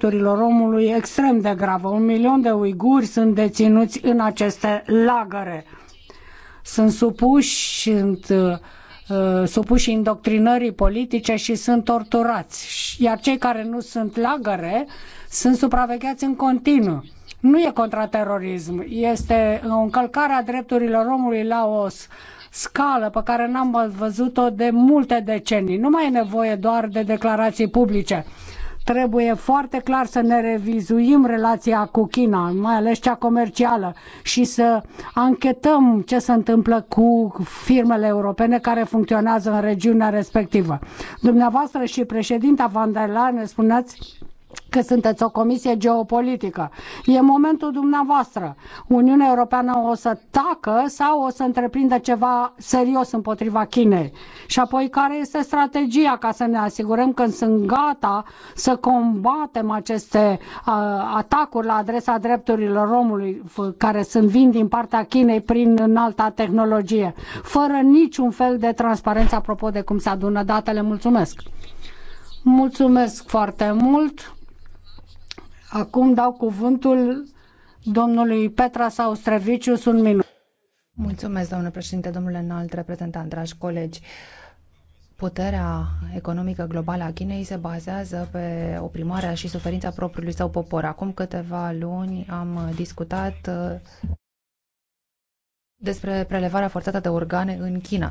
drepturilor omului extrem de gravă. Un milion de uiguri sunt deținuți în aceste lagăre. Sunt supuși, sunt uh, uh, supuși indoctrinării politice și sunt torturați. Iar cei care nu sunt lagăre sunt supravegheați în continuu. Nu e contraterorism, este o încălcare a drepturilor omului la o scală pe care n-am văzut-o de multe decenii. Nu mai e nevoie doar de declarații publice Trebuie foarte clar să ne revizuim relația cu China, mai ales cea comercială, și să anchetăm ce se întâmplă cu firmele europene care funcționează în regiunea respectivă. Dumneavoastră și președinta Van der Leyen spuneați că sunteți o comisie geopolitică. E momentul dumneavoastră. Uniunea Europeană o să tacă sau o să întreprindă ceva serios împotriva Chinei. Și apoi care este strategia ca să ne asigurăm că sunt gata să combatem aceste uh, atacuri la adresa drepturilor omului care sunt vin din partea Chinei prin înalta tehnologie, fără niciun fel de transparență apropo de cum se adună datele. Mulțumesc! Mulțumesc foarte mult! Acum dau cuvântul domnului Petra Saustrevicius un minut. Mulțumesc, domnule președinte, domnule înalt reprezentant, dragi colegi. Puterea economică globală a Chinei se bazează pe oprimarea și suferința propriului său popor. Acum câteva luni am discutat uh, despre prelevarea forțată de organe în China.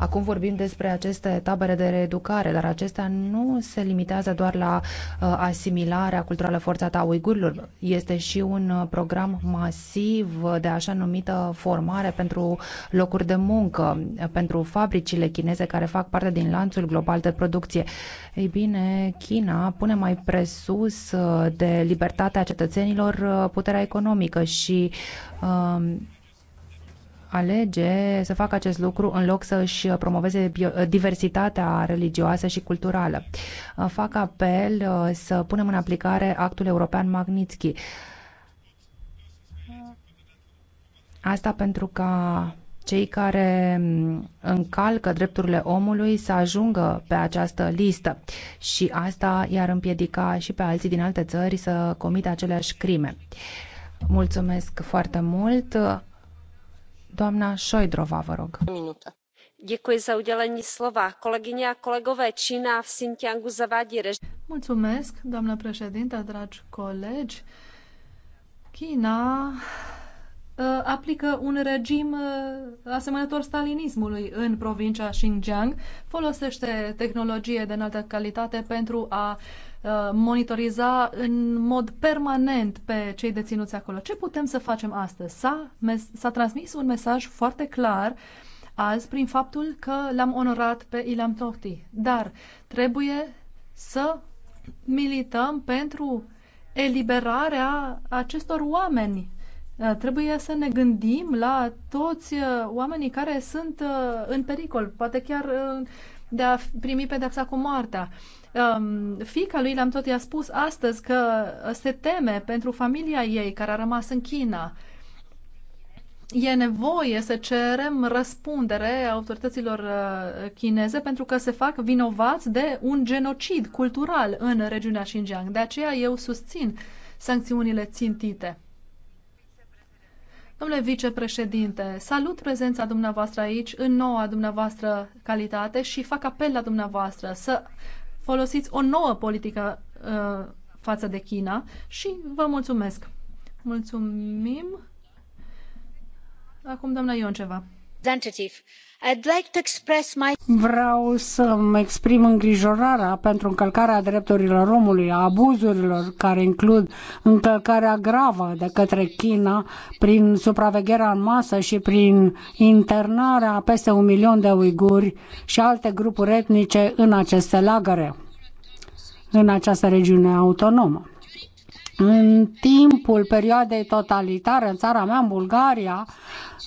Acum vorbim despre aceste tabere de reeducare, dar acestea nu se limitează doar la uh, asimilarea culturală forțată a uigurilor. Este și un uh, program masiv de așa numită formare pentru locuri de muncă, uh, pentru fabricile chineze care fac parte din lanțul global de producție. Ei bine, China pune mai presus uh, de libertatea cetățenilor puterea economică și uh, alege să facă acest lucru în loc să își promoveze diversitatea religioasă și culturală. Uh, fac apel uh, să punem în aplicare actul european Magnitsky. Asta pentru ca cei care mm, încalcă drepturile omului să ajungă pe această listă și asta i-ar împiedica și pe alții din alte țări să comită aceleași crime. Mulțumesc foarte mult. Doamna Șoidrova, vă rog. Minute doamnă președintă dragi colegi china ă, aplică un regim ă, asemănător stalinismului în provincia Xinjiang, folosește tehnologie de înaltă calitate pentru a Uh, monitoriza în mod permanent pe cei deținuți acolo. Ce putem să facem astăzi? S-a, s-a transmis un mesaj foarte clar azi prin faptul că l-am onorat pe Ilham Tohti, dar trebuie să milităm pentru eliberarea acestor oameni. Uh, trebuie să ne gândim la toți uh, oamenii care sunt în pericol, poate chiar de a primi pedepsa cu moartea. Um, fica lui l-am tot i-a spus astăzi că se teme pentru familia ei care a rămas în China. E nevoie să cerem răspundere autorităților uh, chineze pentru că se fac vinovați de un genocid cultural în regiunea Xinjiang. De aceea eu susțin sancțiunile țintite. Domnule vicepreședinte, salut prezența dumneavoastră aici în noua dumneavoastră calitate și fac apel la dumneavoastră să folosiți o nouă politică uh, față de China și vă mulțumesc. Mulțumim. Acum, doamna ceva. Vreau să-mi exprim îngrijorarea pentru încălcarea drepturilor omului, a abuzurilor care includ încălcarea gravă de către China prin supravegherea în masă și prin internarea a peste un milion de uiguri și alte grupuri etnice în aceste lagăre, în această regiune autonomă. În timpul perioadei totalitare în țara mea, în Bulgaria,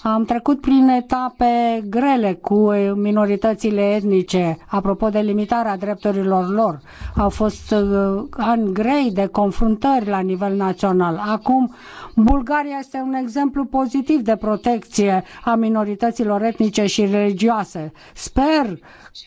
am trecut prin etape grele cu minoritățile etnice, apropo de limitarea drepturilor lor. Au fost uh, ani grei de confruntări la nivel național. Acum, Bulgaria este un exemplu pozitiv de protecție a minorităților etnice și religioase. Sper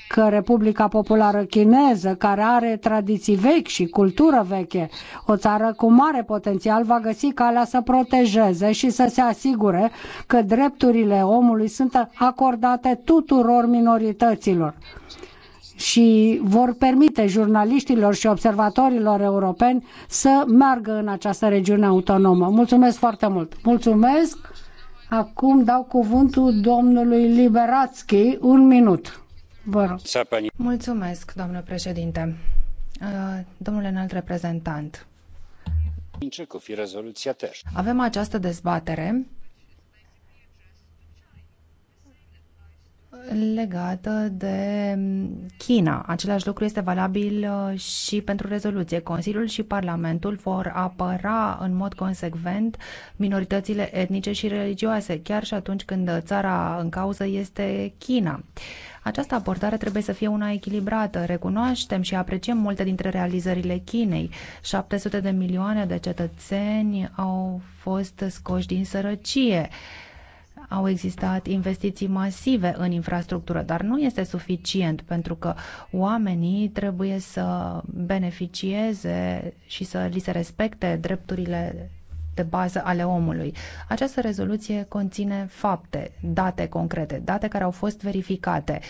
că Republica Populară Chineză, care are tradiții vechi și cultură veche, o țară cu mare potențial, va găsi calea să protejeze și să se asigure că drepturile omului sunt acordate tuturor minorităților și vor permite jurnaliștilor și observatorilor europeni să meargă în această regiune autonomă. Mulțumesc foarte mult! Mulțumesc! Acum dau cuvântul domnului Liberațchi, un minut. Vă rog. Mulțumesc, domnule președinte. Uh, domnule înalt reprezentant, avem această dezbatere legată de China. Același lucru este valabil uh, și pentru rezoluție. Consiliul și Parlamentul vor apăra în mod consecvent minoritățile etnice și religioase, chiar și atunci când țara în cauză este China. Această abordare trebuie să fie una echilibrată. Recunoaștem și apreciem multe dintre realizările Chinei. 700 de milioane de cetățeni au fost scoși din sărăcie. Uh, au existat investiții masive în infrastructură, dar nu este suficient pentru că oamenii trebuie să beneficieze și să li se respecte drepturile de bază ale omului. Această rezoluție conține fapte, date concrete, date care au fost verificate.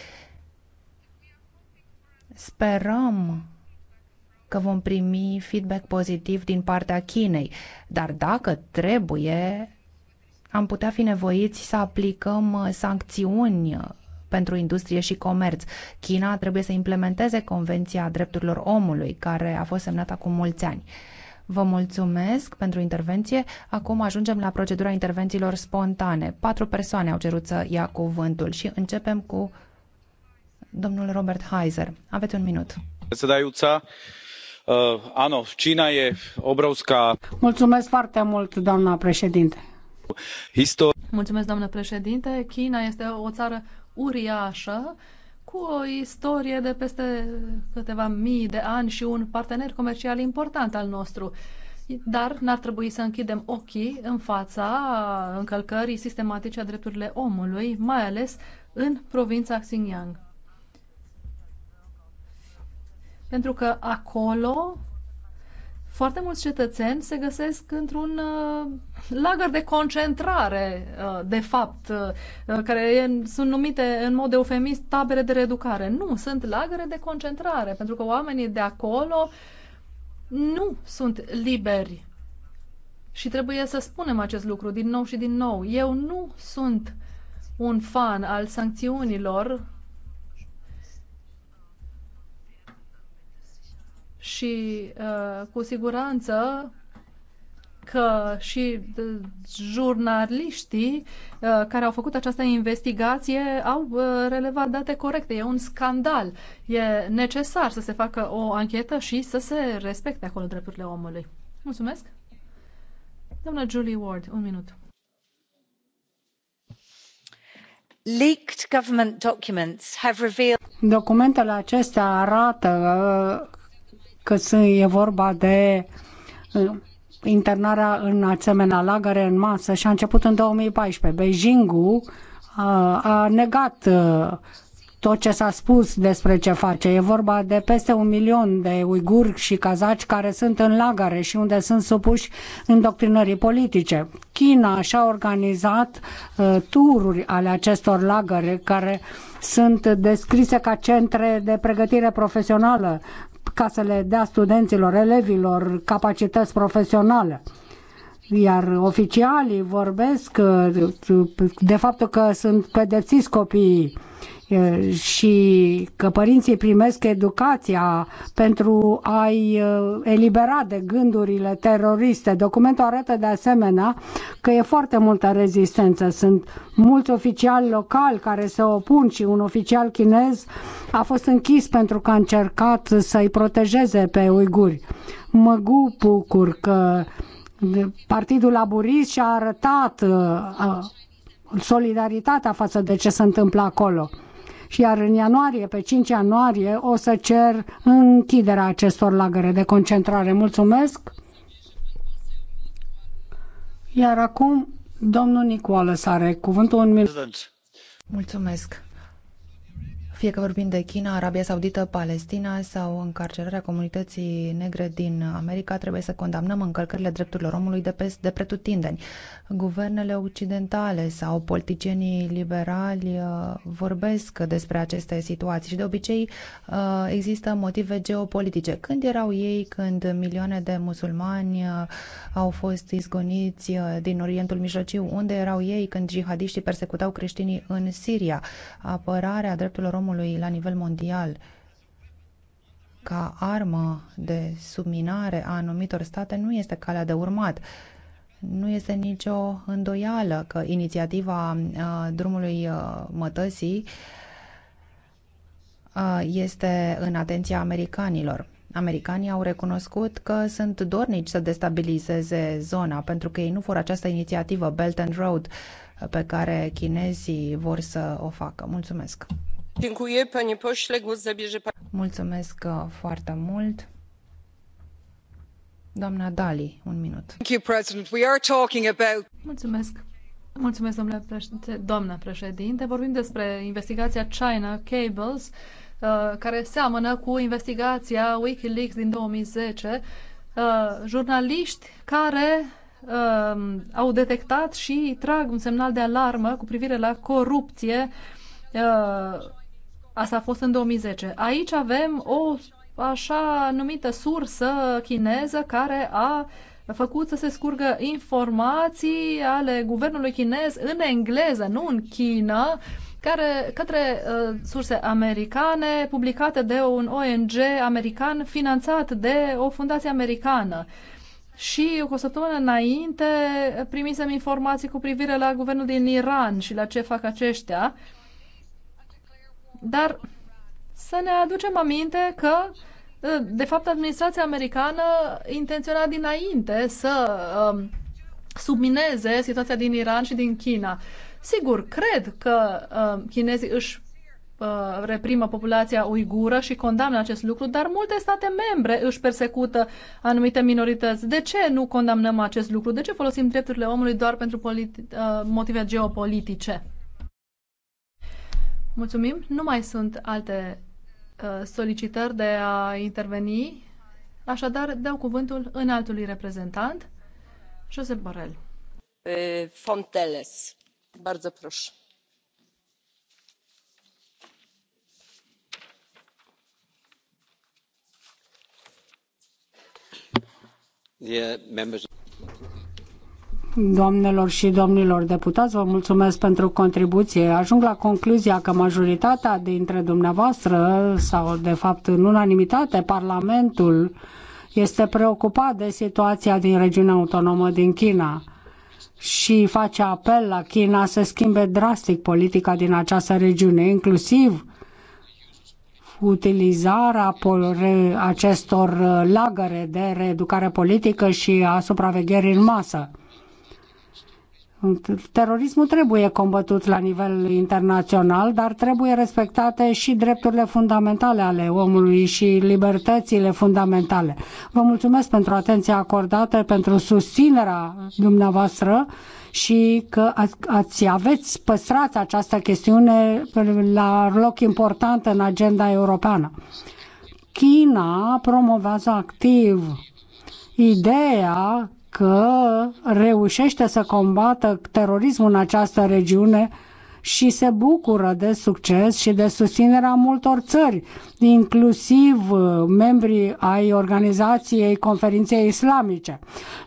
Sperăm că vom primi feedback pozitiv din partea Chinei, dar dacă trebuie, am putea fi nevoiți să aplicăm uh, sancțiuni uh, pentru industrie și comerț. China trebuie să implementeze Convenția Drepturilor Omului, care a fost semnată acum mulți ani. Vă mulțumesc pentru intervenție. Acum ajungem la procedura intervențiilor spontane. Patru persoane au cerut să ia cuvântul și începem cu domnul Robert Heiser. Aveți un minut. uța. uh, Ano, China e obrovská... Mulțumesc foarte mult, doamna președinte Mulțumesc, doamnă președinte. China este o țară uriașă cu o istorie de peste câteva mii de ani și un partener comercial important al nostru. Dar n-ar trebui să închidem ochii în fața încălcării sistematice a drepturilor omului, mai ales în provința Xinjiang. Pentru că acolo foarte mulți cetățeni se găsesc într-un uh, lagăr de concentrare, uh, de fapt, uh, uh care e, sunt numite în mod eufemist tabere de reeducare. Nu, sunt lagăre de concentrare, pentru că oamenii de acolo nu sunt liberi. Și trebuie să spunem acest lucru din nou și din nou. Eu nu sunt un fan al sancțiunilor și uh, cu siguranță că și uh, jurnaliștii uh, care au făcut această investigație au uh, relevat date corecte. E un scandal. E necesar să se facă o anchetă și să se respecte acolo drepturile omului. Mulțumesc. Doamna Julie Ward, un minut. Leaked government documents have revealed... Documentele acestea arată uh, că e vorba de uh, internarea în asemenea lagăre în masă și a început în 2014. Beijingul a, a negat uh, tot ce s-a spus despre ce face. E vorba de peste un milion de uiguri și cazaci care sunt în lagare și unde sunt supuși îndoctrinării politice. China și-a organizat uh, tururi ale acestor lagăre care sunt descrise ca centre de pregătire profesională, ca să le dea studenților, elevilor capacități profesionale iar oficialii vorbesc uh, de faptul că sunt pedepsiți copiii și că părinții primesc educația pentru a-i uh, elibera de gândurile teroriste. Documentul arată de asemenea că e foarte multă rezistență. Sunt mulți oficiali locali care se opun și un oficial chinez a fost închis pentru că a încercat să-i protejeze pe uiguri. Mă bucur că Partidul Laburist și-a arătat uh, uh, solidaritatea față de ce se întâmplă acolo. Și iar în ianuarie, pe 5 ianuarie, o să cer închiderea acestor lagăre de concentrare. Mulțumesc! Iar acum, domnul Nicoală Sare, cuvântul un minut. Mulțumesc! fie că vorbim de China, Arabia Saudită, Palestina sau încarcerarea comunității negre din America, trebuie să condamnăm încălcările drepturilor omului de, pe, de pretutindeni. Guvernele occidentale sau politicienii liberali uh, vorbesc despre aceste situații și de obicei uh, există motive geopolitice. Când erau ei, când milioane de musulmani uh, au fost izgoniți din Orientul Mijlociu, unde erau ei când jihadiștii persecutau creștinii în Siria? Apărarea drepturilor omului terorismului la nivel mondial ca armă de subminare a anumitor state nu este calea de urmat. Nu este nicio îndoială că inițiativa uh, drumului uh, mătăsii uh, este în atenția americanilor. Americanii au recunoscut că sunt dornici să destabilizeze zona pentru că ei nu vor această inițiativă Belt and Road pe care chinezii vor să o facă. Mulțumesc! Mulțumesc uh, foarte mult. Doamna Dali, un minut. Mulțumesc. Mulțumesc, domnule președinte. Doamna președinte, vorbim despre investigația China Cables, uh, care seamănă cu investigația Wikileaks din 2010. Uh, jurnaliști care au detectat și trag un semnal de alarmă cu privire la corupție Asta a fost în 2010. Aici avem o așa numită sursă chineză care a făcut să se scurgă informații ale guvernului chinez în engleză, nu în China, care, către uh, surse americane, publicate de un ONG american, finanțat de o fundație americană. Și cu o săptămână înainte primisem informații cu privire la guvernul din Iran și la ce fac aceștia. Dar să ne aducem aminte că ă, de fapt, administrația americană intenționa dinainte să um, submineze situația din Iran și din China. Sigur, cred că um, chinezii își reprimă populația uigură și condamnă acest lucru, dar multe state membre își persecută anumite minorități. De ce nu condamnăm acest lucru? De ce folosim drepturile omului doar pentru motive geopolitice? Mulțumim. Nu mai sunt alte uh, solicitări de a interveni. Așadar, dau cuvântul în altului reprezentant, Josep Borrell. Fonteles. Bardzo proszę. Yeah, members doamnelor și domnilor deputați, vă mulțumesc pentru contribuție. Ajung la concluzia că majoritatea dintre dumneavoastră, sau de fapt în unanimitate, Parlamentul este preocupat de situația din regiunea autonomă din China și face apel la China să schimbe drastic politica din această regiune, inclusiv utilizarea acestor uh, lagăre de reeducare politică și a supravegherii în masă. Terorismul trebuie combătut la nivel internațional, dar trebuie respectate și drepturile fundamentale ale omului și libertățile fundamentale. Vă mulțumesc pentru atenția acordată, pentru susținerea dumneavoastră și că ați aveți păstrat această chestiune la loc important în agenda europeană. China promovează activ ideea că reușește să combată terorismul în această regiune și se bucură de succes și de susținerea multor țări, inclusiv uh, membrii ai organizației conferinței islamice.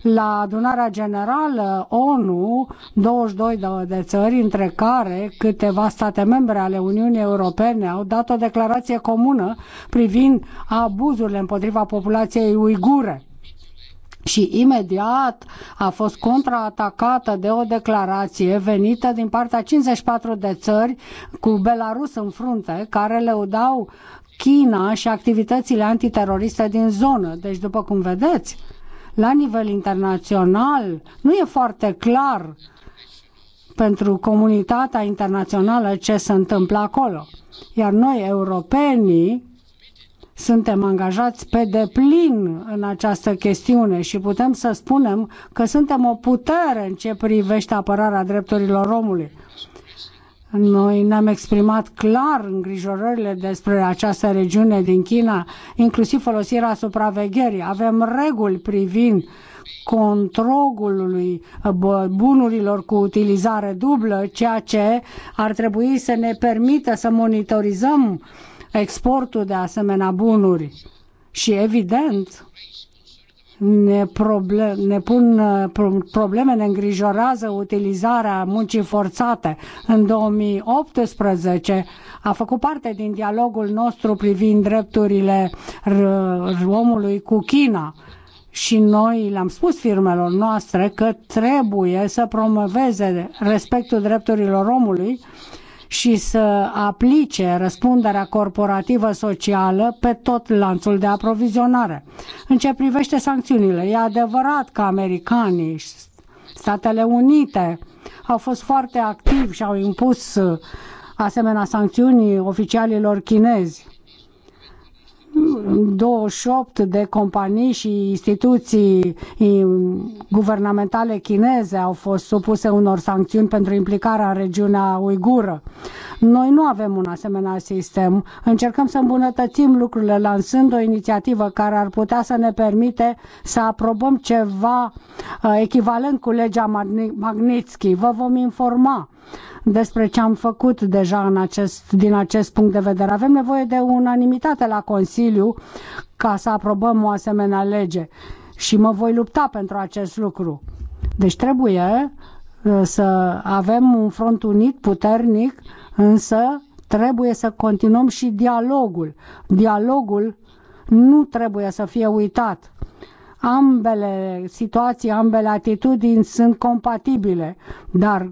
La adunarea generală ONU, 22 de țări, între care câteva state membre ale Uniunii Europene au dat o declarație comună privind abuzurile împotriva populației uigure și imediat a fost contraatacată de o declarație venită din partea 54 de țări cu Belarus în frunte, care lăudau China și activitățile antiteroriste din zonă. Deci, după cum vedeți, la nivel internațional nu e foarte clar pentru comunitatea internațională ce se întâmplă acolo. Iar noi, europenii, suntem angajați pe deplin în această chestiune și putem să spunem că suntem o putere în ce privește apărarea drepturilor omului. Noi ne-am exprimat clar îngrijorările despre această regiune din China, inclusiv folosirea supravegherii. Avem reguli privind controlului bunurilor cu utilizare dublă, ceea ce ar trebui să ne permită să monitorizăm uh, exportul de asemenea bunuri. Și evident, ne, problem, ne pun uh, probleme, ne îngrijorează utilizarea muncii forțate. În 2018 a făcut parte din dialogul nostru privind drepturile omului cu China și noi le-am spus firmelor noastre că trebuie să promoveze respectul drepturilor omului și să aplice răspunderea corporativă socială pe tot lanțul de aprovizionare. În ce privește sancțiunile, e adevărat că americanii și Statele Unite au fost foarte activi și au impus asemenea sancțiuni oficialilor chinezi 28 de companii și instituții guvernamentale chineze au fost supuse unor sancțiuni pentru implicarea în regiunea uigură. Noi nu avem un asemenea sistem. Încercăm să îmbunătățim lucrurile lansând o inițiativă care ar putea să ne permite să aprobăm ceva uh, echivalent cu legea Magnitsky. Vă vom informa despre ce am făcut deja în acest, din acest punct de vedere. Avem nevoie de unanimitate la Consiliu ca să aprobăm o asemenea lege și mă voi lupta pentru acest lucru. Deci trebuie uh, să avem un front unit, puternic, însă trebuie să continuăm și dialogul. Dialogul nu trebuie să fie uitat. Ambele situații, ambele atitudini sunt compatibile, dar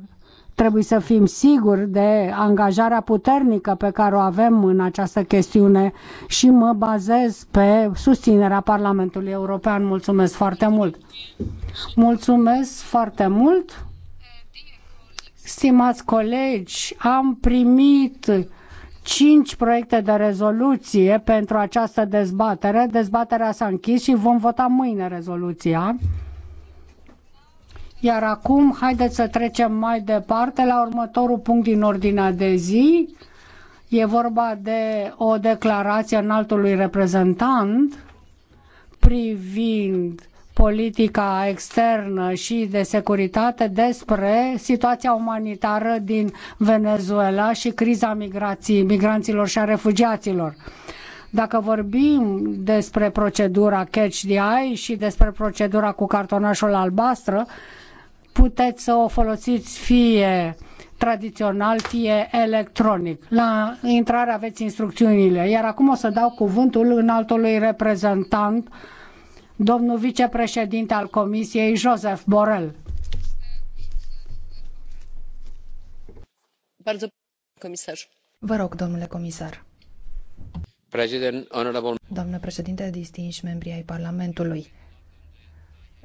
Trebuie să fim siguri de angajarea puternică pe care o avem în această chestiune și mă bazez pe susținerea Parlamentului European. Mulțumesc foarte mult! Mulțumesc foarte mult! Stimați colegi, am primit cinci proiecte de rezoluție pentru această dezbatere. Dezbaterea s-a închis și vom vota mâine rezoluția. Iar acum, haideți să trecem mai departe la următorul punct din ordinea de zi. E vorba de o declarație înaltului reprezentant privind politica externă și de securitate despre situația umanitară din Venezuela și criza migrației, migranților și a refugiaților. Dacă vorbim despre procedura Catch the Eye și despre procedura cu cartonașul albastră, puteți să o folosiți fie tradițional, fie electronic. La intrare aveți instrucțiunile. Iar acum o să dau cuvântul altului reprezentant, domnul vicepreședinte al Comisiei, Joseph Borel. Vă rog, domnule comisar. Domnule Doamnă președinte, distinși membri ai Parlamentului,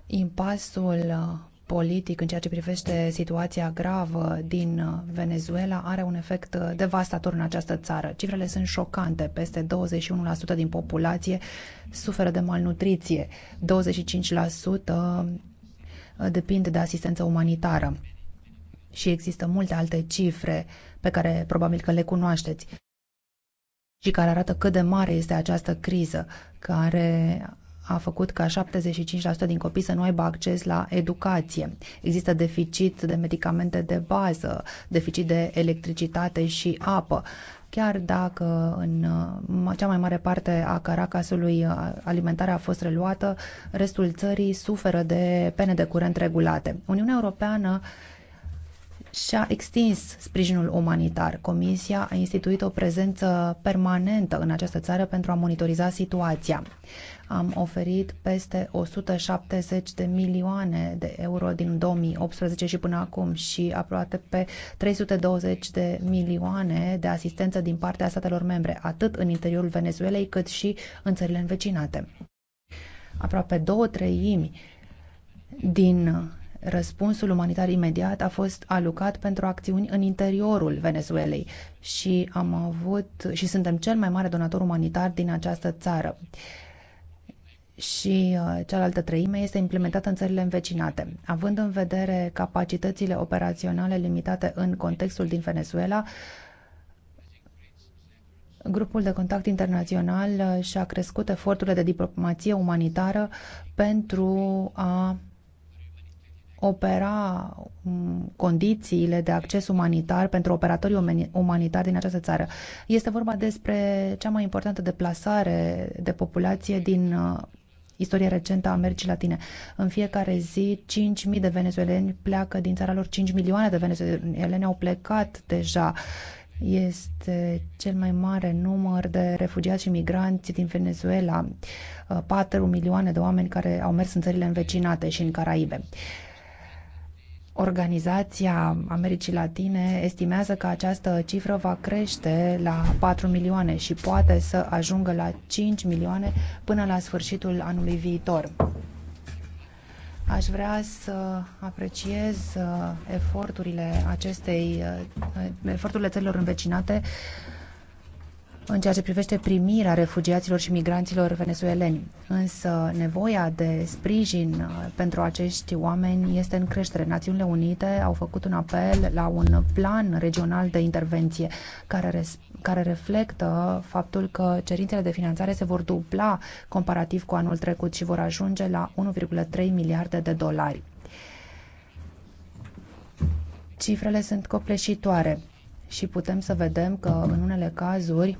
impasul politic în ceea ce privește situația gravă din Venezuela are un efect devastator în această țară. Cifrele sunt șocante. Peste 21% din populație suferă de malnutriție, 25% depind de asistență umanitară și există multe alte cifre pe care probabil că le cunoașteți și care arată cât de mare este această criză care a făcut ca 75% din copii să nu aibă acces la educație. Există deficit de medicamente de bază, deficit de electricitate și apă chiar dacă în uh, cea mai mare parte a Caracasului uh, alimentarea a fost reluată, restul țării suferă de pene de curent regulate. Uniunea Europeană și-a extins sprijinul umanitar. Comisia a instituit o prezență permanentă în această țară pentru a monitoriza situația. Am oferit peste 170 de milioane de euro din 2018 și până acum și aproape pe 320 de milioane de asistență din partea statelor membre, atât în interiorul Venezuelei cât și în țările învecinate. Aproape două treimi din Răspunsul umanitar imediat a fost alocat pentru acțiuni în interiorul Venezuelei și am avut și suntem cel mai mare donator umanitar din această țară și uh, cealaltă treime este implementată în țările învecinate. Având în vedere capacitățile operaționale limitate în contextul din Venezuela, Grupul de contact internațional uh, și-a crescut eforturile de diplomație umanitară pentru a opera um, condițiile de acces umanitar pentru operatorii umanitari din această țară. Este vorba despre cea mai importantă deplasare de populație din uh, istoria recentă a Americii Latine. În fiecare zi, 5.000 de venezueleni pleacă din țara lor, 5 milioane de venezueleni au plecat deja. Este cel mai mare număr de refugiați și migranți din Venezuela, 4 uh, milioane de oameni care au mers în țările învecinate și în Caraibe. Organizația Americii Latine estimează că această cifră va crește la 4 milioane și poate să ajungă la 5 milioane până la sfârșitul anului viitor. Aș vrea să apreciez uh, eforturile acestei, uh, eforturile țărilor învecinate în ceea ce privește primirea refugiaților și migranților venezueleni. Însă nevoia de sprijin uh, pentru acești oameni este în creștere. Națiunile Unite au făcut un apel la un plan regional de intervenție care, care reflectă faptul că cerințele de finanțare se vor dupla comparativ cu anul trecut și vor ajunge la 1,3 miliarde de dolari. Cifrele sunt copleșitoare și putem să vedem că în unele cazuri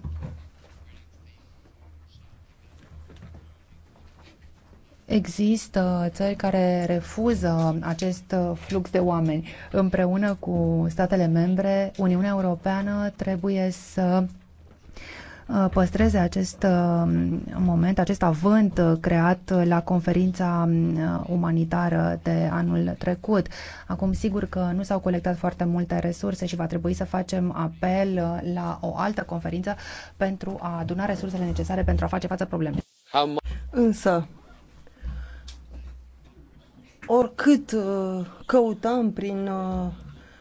Există țări care refuză acest flux de oameni. Împreună cu statele membre, Uniunea Europeană trebuie să Uh, păstreze acest uh, moment, acest avânt uh, creat la conferința umanitară de anul trecut. Acum, sigur că nu s-au colectat foarte multe resurse și va trebui să facem apel la o altă conferință pentru a aduna resursele necesare pentru a face față problemei. Însă, oricât căutăm prin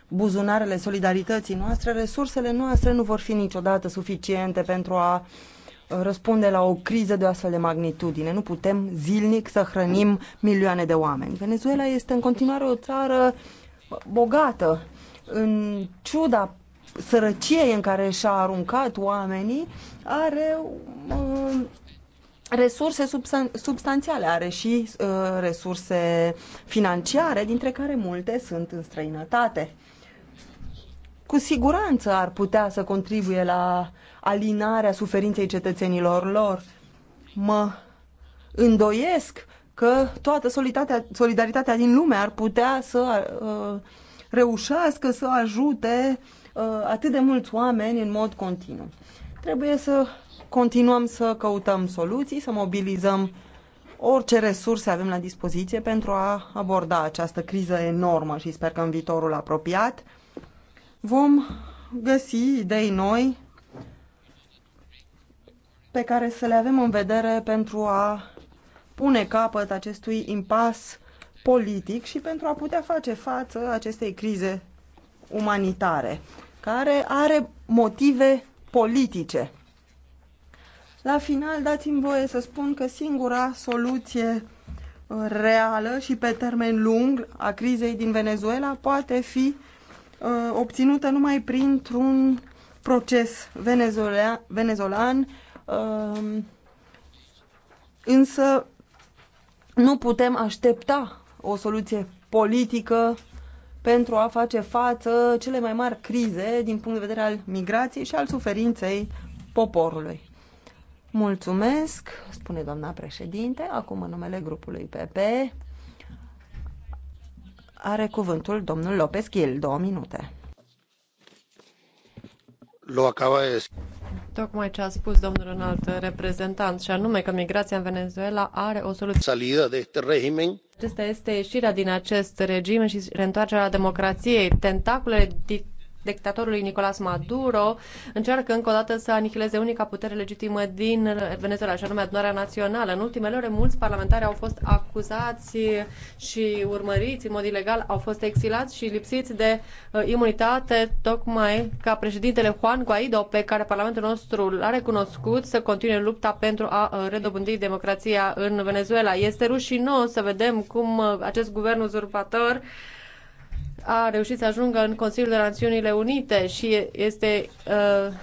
buzunarele solidarității noastre, resursele noastre nu vor fi niciodată suficiente pentru a uh, răspunde la o criză de o astfel de magnitudine. Nu putem zilnic să hrănim milioane de oameni. Venezuela este în continuare o țară bogată. În ciuda sărăciei în care și-a aruncat oamenii, are uh, resurse substan- substanțiale, are și uh, resurse financiare, dintre care multe sunt în străinătate. Uh, cu siguranță ar putea să contribuie la alinarea suferinței cetățenilor lor. Mă îndoiesc că toată solidaritatea din lume ar putea să uh, reușească să ajute uh, atât de mulți oameni în mod continuu. Trebuie să continuăm să căutăm soluții, să mobilizăm orice resurse avem la dispoziție pentru a aborda această criză enormă și sper că în viitorul apropiat vom găsi idei noi pe care să le avem în vedere pentru a pune capăt acestui impas politic și pentru a putea face față acestei crize umanitare, care are motive politice. La final, dați-mi voie să spun că singura soluție reală și pe termen lung a crizei din Venezuela poate fi Uh, obținută numai printr-un proces venezolan, venezolan uh, însă nu putem aștepta o soluție politică pentru a face față cele mai mari crize din punct de vedere al migrației și al suferinței poporului. Mulțumesc, spune doamna președinte, acum în numele grupului PP. Are cuvântul domnul Lopez Gil, două minute. Lo acaba de... Tocmai ce a spus domnul înalt reprezentant, și anume că migrația în Venezuela are o soluție. Salida de este regimen. Acesta este ieșirea din acest regim și reîntoarcerea democrației. Tentaculele dictatorului Nicolas Maduro încearcă încă o dată să anihileze unica putere legitimă din Venezuela, și anume adunarea națională. În ultimele ore, mulți parlamentari au fost acuzați și urmăriți în mod ilegal, au fost exilați și lipsiți de uh, imunitate, tocmai ca președintele Juan Guaido, pe care Parlamentul nostru l-a recunoscut, să continue lupta pentru a uh, redobândi democrația în Venezuela. Este rușinos să vedem cum uh, acest guvern uzurpator uh, a reușit să ajungă în Consiliul Națiunile Unite și este uh,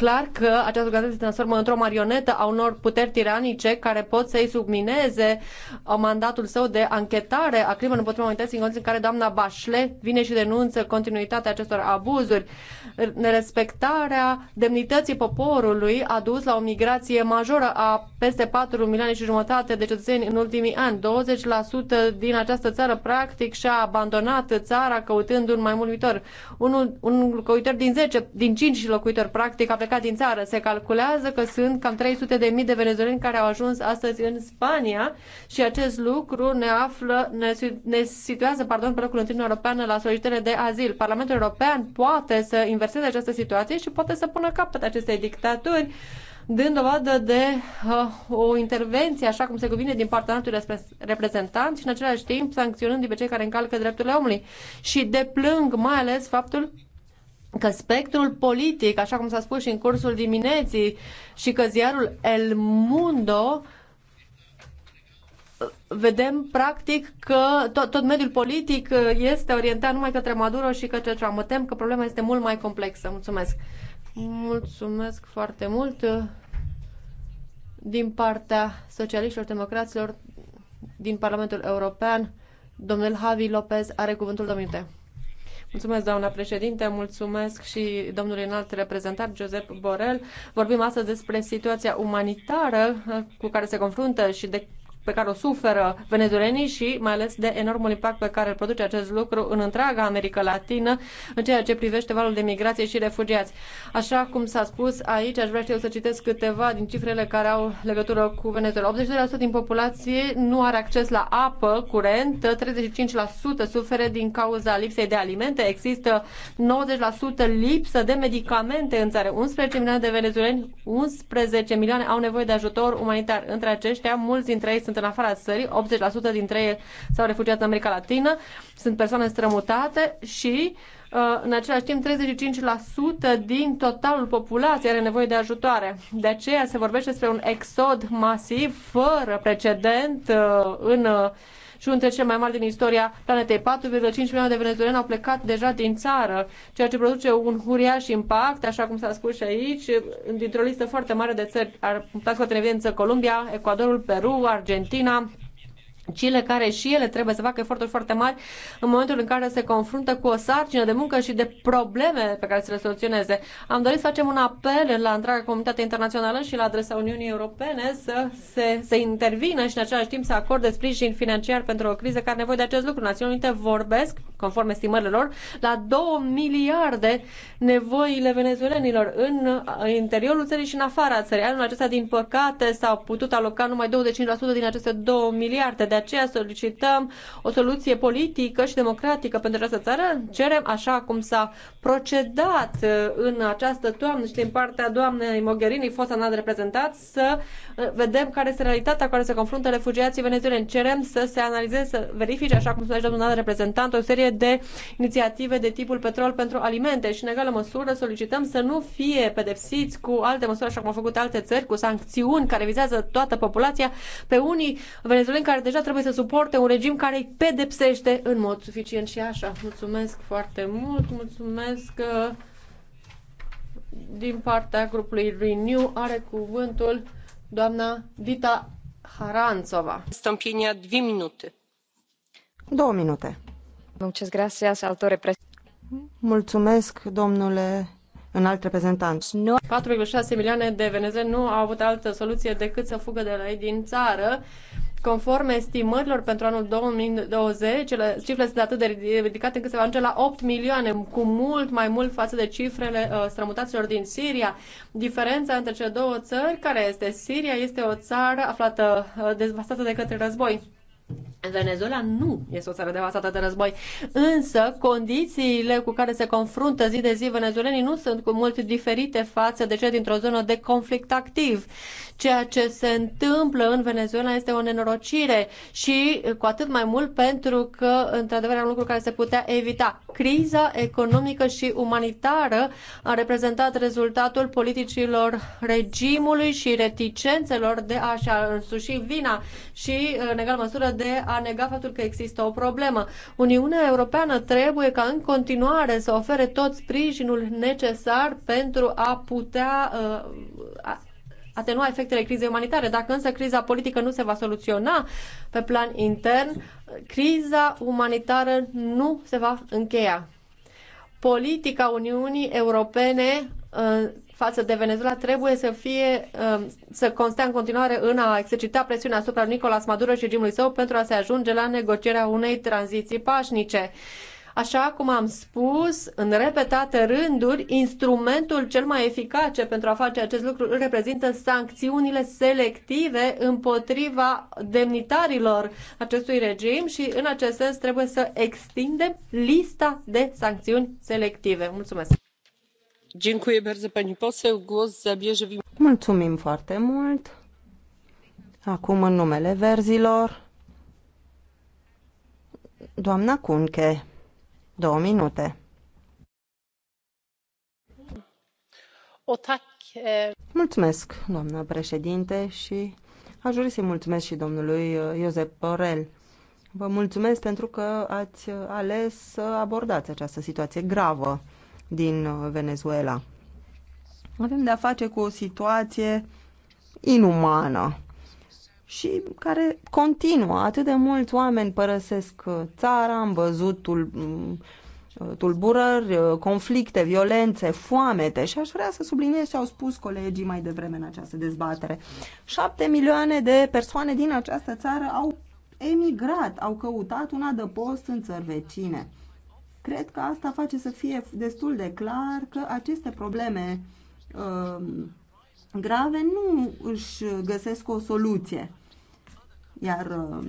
clar că această organizație se transformă într-o marionetă a unor puteri tiranice care pot să-i submineze uh, mandatul său de anchetare a crimelor împotriva umanității în condiții în care doamna Bașle vine și denunță continuitatea acestor abuzuri. Nerespectarea demnității poporului a dus la o migrație majoră a peste 4 milioane și jumătate de cetățeni în ultimii ani. 20% din această țară practic și-a abandonat țara căutând un mai mult viitor. Unul, un locuitor din 10, din 5 locuitori practic a plecat plecat din țară. Se calculează că sunt cam 300 de mii de venezueleni care au ajuns astăzi în Spania și acest lucru ne află, ne, ne situează, pardon, pe locul întâi europeană la solicitările de azil. Parlamentul European poate să inverseze această situație și poate să pună capăt acestei dictaturi dând dovadă de uh, o intervenție, așa cum se cuvine, din partea înaltului reprezentant și, în același timp, sancționând pe cei care încalcă drepturile omului. Și deplâng mai ales faptul că spectrul politic, așa cum s-a spus și în cursul dimineții, și că ziarul El Mundo vedem practic că tot, tot mediul politic este orientat numai către Maduro și către Trump. Mă tem că problema este mult mai complexă. Mulțumesc. Mulțumesc foarte mult din partea socialiștilor democraților din Parlamentul European. Domnul Javi Lopez are cuvântul domnule. Mulțumesc, doamna președinte, mulțumesc și domnului înalt reprezentant, Josep Borel. Vorbim astăzi despre situația umanitară cu care se confruntă și de pe care o suferă venezuelenii și mai ales de enormul impact pe care îl produce acest lucru în întreaga America Latină în ceea ce privește valul de migrație și refugiați. Așa cum s-a spus aici, aș vrea și eu să citesc câteva din cifrele care au legătură cu Venezuela. 82% din populație nu are acces la apă curent, 35% suferă din cauza lipsei de alimente, există 90% lipsă de medicamente în țară, 11 milioane de venezueleni, 11 milioane au nevoie de ajutor umanitar. Între aceștia, mulți dintre ei sunt în afara țării, 80% dintre ei s-au refugiat în America Latină, sunt persoane strămutate și uh, în același timp 35% din totalul populației are nevoie de ajutoare. De aceea se vorbește despre un exod masiv fără precedent uh, în uh, și unul dintre cele mai mari din istoria planetei. 4,5 milioane de venezueleni au plecat deja din țară, ceea ce produce un uriaș impact, așa cum s-a spus și aici, dintr-o listă foarte mare de țări. Ar putea scoate în evidență Columbia, Ecuadorul, Peru, Argentina, cele care și ele trebuie să facă eforturi foarte mari în momentul în care se confruntă cu o sarcină de muncă și de probleme pe care să le soluționeze. Am dorit să facem un apel la întreaga comunitate internațională și la adresa Uniunii Europene să se să intervină și în același timp să acorde sprijin financiar pentru o criză care are nevoie de acest lucru. Națiunile Unite vorbesc, conform estimărilor, la 2 miliarde nevoile venezuelenilor în interiorul țării și în afara țării. Anul acesta, din păcate, s-au putut aloca numai 25% din aceste 2 miliarde de aceea solicităm o soluție politică și democratică pentru această țară. Cerem, așa cum s-a procedat uh, în această toamnă și din partea doamnei Mogherini, fost înalt reprezentat, să uh, vedem care este realitatea care se confruntă refugiații venezueleni. Cerem să se analizeze, să verifice, așa cum s-a zis doamna reprezentant, o serie de inițiative de tipul petrol pentru alimente și, în egală măsură, solicităm să nu fie pedepsiți cu alte măsuri, așa cum au făcut alte țări, cu sancțiuni care vizează toată populația, pe unii venezueleni care deja trebuie să suporte un regim care îi pedepsește în mod suficient și așa. Mulțumesc foarte mult, mulțumesc uh, din partea grupului Renew are cuvântul doamna Dita Haranțova. Stămpinia, două minute. Două minute. Muchas gracias, alto Mulțumesc, domnule înalt reprezentant. 4,6 milioane de venezuelani nu au avut altă soluție decât să fugă de la ei din țară Conform estimărilor pentru anul 2020, cifrele sunt atât de ridicate încât se va ajunge la 8 milioane, cu mult mai mult față de cifrele uh, strămutaților din Siria. Diferența între cele două țări, care este Siria, este o țară aflată uh, de către război. Venezuela nu este o țară devastată de război, însă condițiile cu care se confruntă zi de zi venezuelenii nu sunt cu mult diferite față de cele dintr-o zonă de conflict activ. Ceea ce se întâmplă în Venezuela este o nenorocire și cu atât mai mult pentru că, într-adevăr, era un lucru care se putea evita. Criza economică și umanitară a reprezentat rezultatul politicilor regimului și reticențelor de a-și însuși vina și, în egală măsură, de a nega faptul că există o problemă. Uniunea Europeană trebuie ca în continuare să ofere tot sprijinul necesar pentru a putea uh, atenua efectele crizei umanitare. Dacă însă criza politică nu se va soluționa pe plan intern, criza umanitară nu se va încheia. Politica Uniunii Europene uh, față de Venezuela trebuie să fie uh, să constea în continuare în a exercita presiunea asupra Nicolas Maduro și regimului său pentru a se ajunge la negocierea unei tranziții pașnice așa cum am spus în repetate rânduri, instrumentul cel mai eficace pentru a face acest lucru îl reprezintă sancțiunile selective împotriva demnitarilor acestui regim și în acest sens trebuie să extindem lista de sancțiuni selective. Mulțumesc! Mulțumim foarte mult! Acum în numele verzilor, doamna Cunche. Două minute. Mulțumesc, doamnă președinte, și aș dori să-i mulțumesc și domnului Iosep uh, Borel. Vă mulțumesc pentru că ați uh, ales să abordați această situație gravă din uh, Venezuela. Avem de-a face cu o situație inumană și care continuă. Atât de mulți oameni părăsesc uh, țara, am văzut tul, mm, uh, tulburări, uh, conflicte, violențe, foamete și aș vrea să subliniez ce au spus colegii mai devreme în această dezbatere. Șapte milioane de persoane din această țară au emigrat, au căutat un adăpost în țări vecine. Cred că asta face să fie destul de clar că aceste probleme uh, grave nu își găsesc o soluție. Iar uh,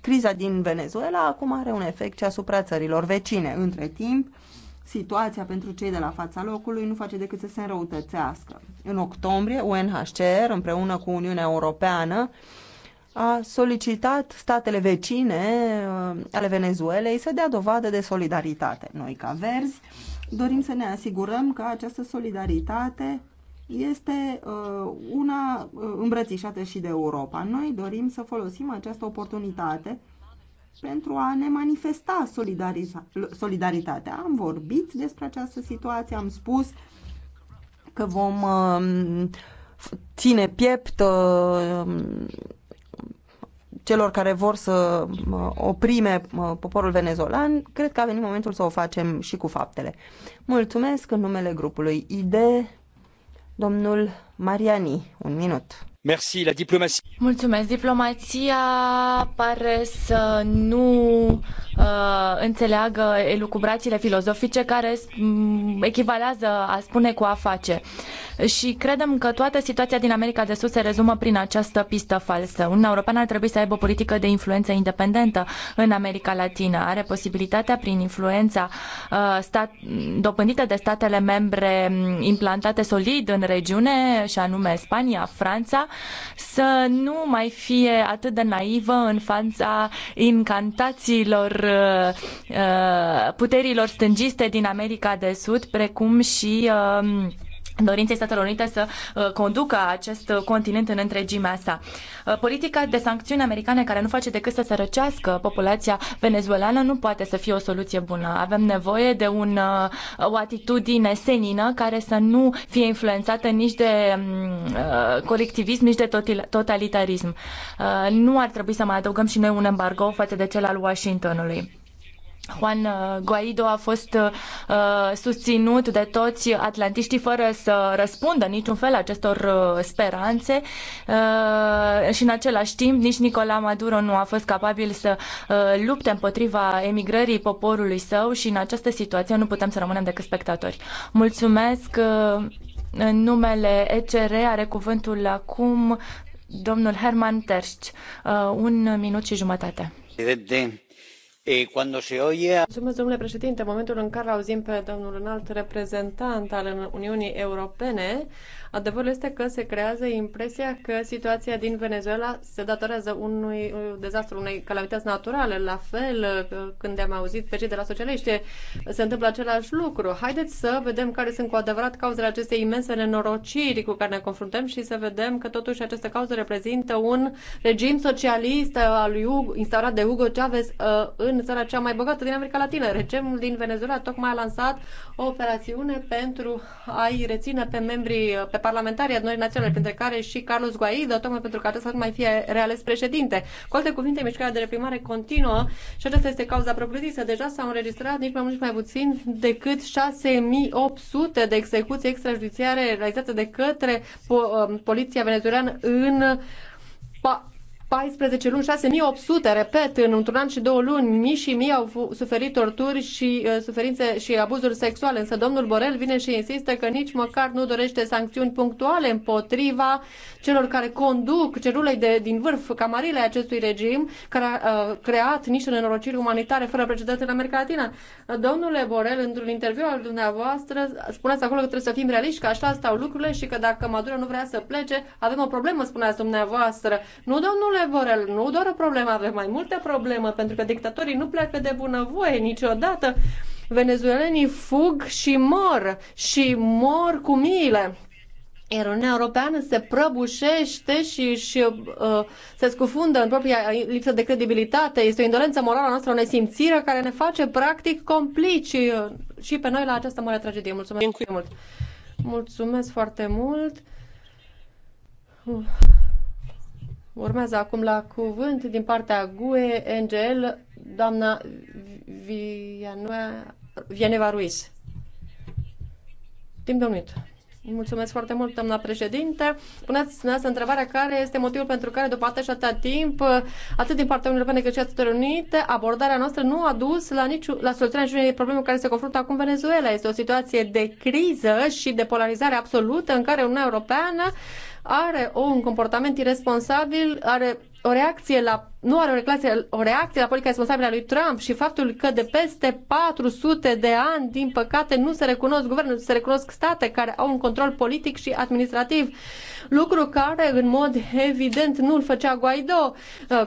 criza din Venezuela acum are un efect și asupra țărilor vecine. Între timp, situația pentru cei de la fața locului nu face decât să se înrăutățească. În octombrie, UNHCR, împreună cu Uniunea Europeană, a solicitat statele vecine uh, ale Venezuelei să dea dovadă de solidaritate. Noi, ca verzi, dorim să ne asigurăm că această solidaritate este uh, una uh, îmbrățișată și de Europa. Noi dorim să folosim această oportunitate pentru a ne manifesta solidaritatea. Am vorbit despre această situație, am spus că vom um, ține piept um, celor care vor să uh, oprime poporul venezolan, cred că a venit momentul să o facem și cu faptele. Mulțumesc în numele grupului IDE. Domnul Mariani, un minut. Merci, la diplomație. Mulțumesc. Diplomația pare să nu Uh, înțeleagă elucubrațiile filozofice care echivalează a spune cu a face. Și credem că toată situația din America de Sud se rezumă prin această pistă falsă. Uniunea Europeană ar trebui să aibă o politică de influență independentă în America Latină. Are posibilitatea prin influența uh, stat, dobândită de statele membre implantate solid în regiune, și anume Spania, Franța, să nu mai fie atât de naivă în fața incantațiilor Uh, uh, puterilor stângiste din America de Sud, precum și uh, dorinței Statelor Unite să uh, conducă acest continent în întregimea sa. Uh, politica de sancțiuni americane care nu face decât să sărăcească populația venezuelană nu poate să fie o soluție bună. Avem nevoie de un, uh, o atitudine senină care să nu fie influențată nici de mm, colectivism, nici de totalitarism. nu ar trebui să mai adăugăm și noi un embargo față de cel al Washingtonului. Juan uh, Guaido a fost uh, susținut de toți atlantiștii fără să răspundă niciun fel acestor uh, speranțe uh, și în același timp nici Nicola Maduro nu a fost capabil să uh, lupte împotriva emigrării poporului său și în această situație nu putem să rămânem decât spectatori. Mulțumesc! Uh, în numele ECR are cuvântul acum domnul Herman Terști. Uh, un minut și jumătate. Evident Eh, domnule președinte. În momentul în care auzim pe domnul înalt reprezentant al Uniunii Europene, Adevărul este că se creează impresia că situația din Venezuela se datorează unui dezastru, unei calamități naturale. La fel, când am auzit pe cei de la socialiști, se întâmplă același lucru. Haideți să vedem care sunt cu adevărat cauzele acestei imense nenorociri cu care ne confruntăm și să vedem că totuși aceste cauze reprezintă un regim socialist al lui Hugo, instaurat de Hugo Chavez uh, în țara cea mai bogată din America Latină. Regimul din Venezuela tocmai a lansat o operațiune pentru a-i reține pe membrii pe între parlamentarii adunării naționale, printre care și Carlos Guaido, tocmai pentru că să nu mai fie reales președinte. Cu alte cuvinte, mișcarea de reprimare continuă și aceasta este cauza propriu-zisă. Deja s-au înregistrat nici mai mult, nici mai puțin decât 6800 de execuții extrajudiciare realizate de către po- um, poliția venezuelană în 14 luni, 6800, repet, în un an și două luni, mii și mii au suferit torturi și uh, suferințe și abuzuri sexuale, însă domnul Borel vine și insistă că nici măcar nu dorește sancțiuni punctuale împotriva celor care conduc celulei de, din vârf, camarile acestui regim, care a uh, creat niște nenorociri umanitare fără precedent în America Latina. Domnule Borel, într-un interviu al dumneavoastră, spuneați acolo că trebuie să fim realiști, că așa stau lucrurile și că dacă Maduro nu vrea să plece, avem o problemă, spuneați dumneavoastră. Nu, domnule Domnule Borel, nu doar o problemă, avem mai multe probleme, pentru că dictatorii nu pleacă de bunăvoie niciodată. Venezuelenii fug și mor și mor cu miile. Iar Uniunea Europeană se prăbușește și, și uh, se scufundă în propria lipsă de credibilitate. Este o indolență morală noastră, o nesimțire care ne face practic complici uh, și pe noi la această mare tragedie. Mulțumesc foarte mult! Mulțumesc foarte mult! Uh. Urmează acum la cuvânt din partea GUE NGL doamna Vianeva Ruiz. Timp de un minut. Mulțumesc foarte mult, doamna președinte. Puneți dumneavoastră întrebarea care este motivul pentru care, după atâta timp, atât din partea Uniunii Europene cât și Statele Unite, abordarea noastră nu a dus la, niciun, la soluționarea niciunei probleme care se confruntă acum Venezuela. Este o situație de criză și de polarizare absolută în care Uniunea Europeană are un comportament irresponsabil, are o reacție la nu are o reacție, o reacție la politica responsabilă a lui Trump și faptul că de peste 400 de ani, din păcate, nu se recunosc guvernul, se recunosc state care au un control politic și administrativ, lucru care, în mod evident, nu îl făcea Guaido. Uh,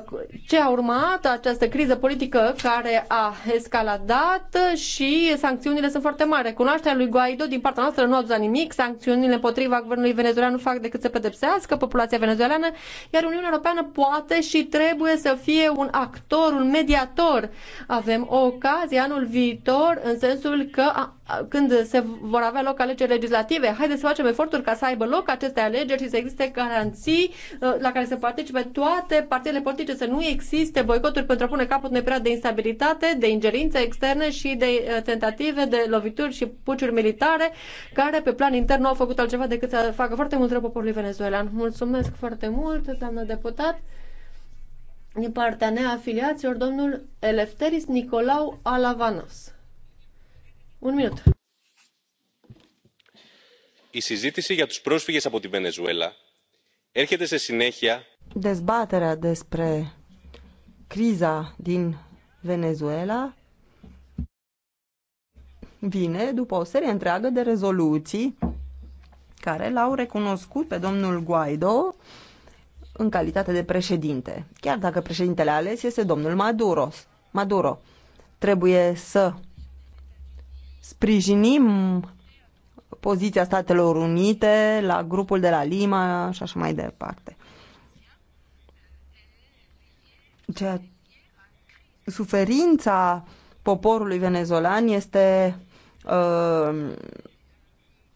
ce a urmat această criză politică care a escaladat și sancțiunile sunt foarte mari. Recunoașterea lui Guaido din partea noastră nu a dus nimic, sancțiunile împotriva guvernului venezuelan nu fac decât să pedepsească populația venezuelană, iar Uniunea Europeană poate și trebuie să fie un actor, un mediator. Avem o ocazie anul viitor în sensul că a, a, când se vor avea loc alegeri legislative, haideți să facem eforturi ca să aibă loc aceste alegeri și să existe garanții a, uh, la care să participe toate partidele politice, să nu existe boicoturi pentru a pune capăt unei perioade de instabilitate, de ingerințe externe și de uh, tentative de lovituri și puciuri militare care pe plan intern nu au făcut altceva decât să facă foarte mult rău poporului venezuelan. Mulțumesc foarte mult, doamnă deputat din partea neafiliaților domnul Elefteris Nicolau Alavanos. Un minut. Η συζήτηση για τους πρόσφυγες από τη Βενεζουέλα έρχεται σε συνέχεια Dezbaterea despre criza din Venezuela vine după o serie întreagă de rezoluții care l-au recunoscut pe domnul Guaido în calitate de președinte, chiar dacă președintele ales este domnul Maduro. Maduro trebuie să sprijinim poziția Statelor Unite la grupul de la Lima și așa mai departe. Ceea... Suferința poporului venezolan este uh,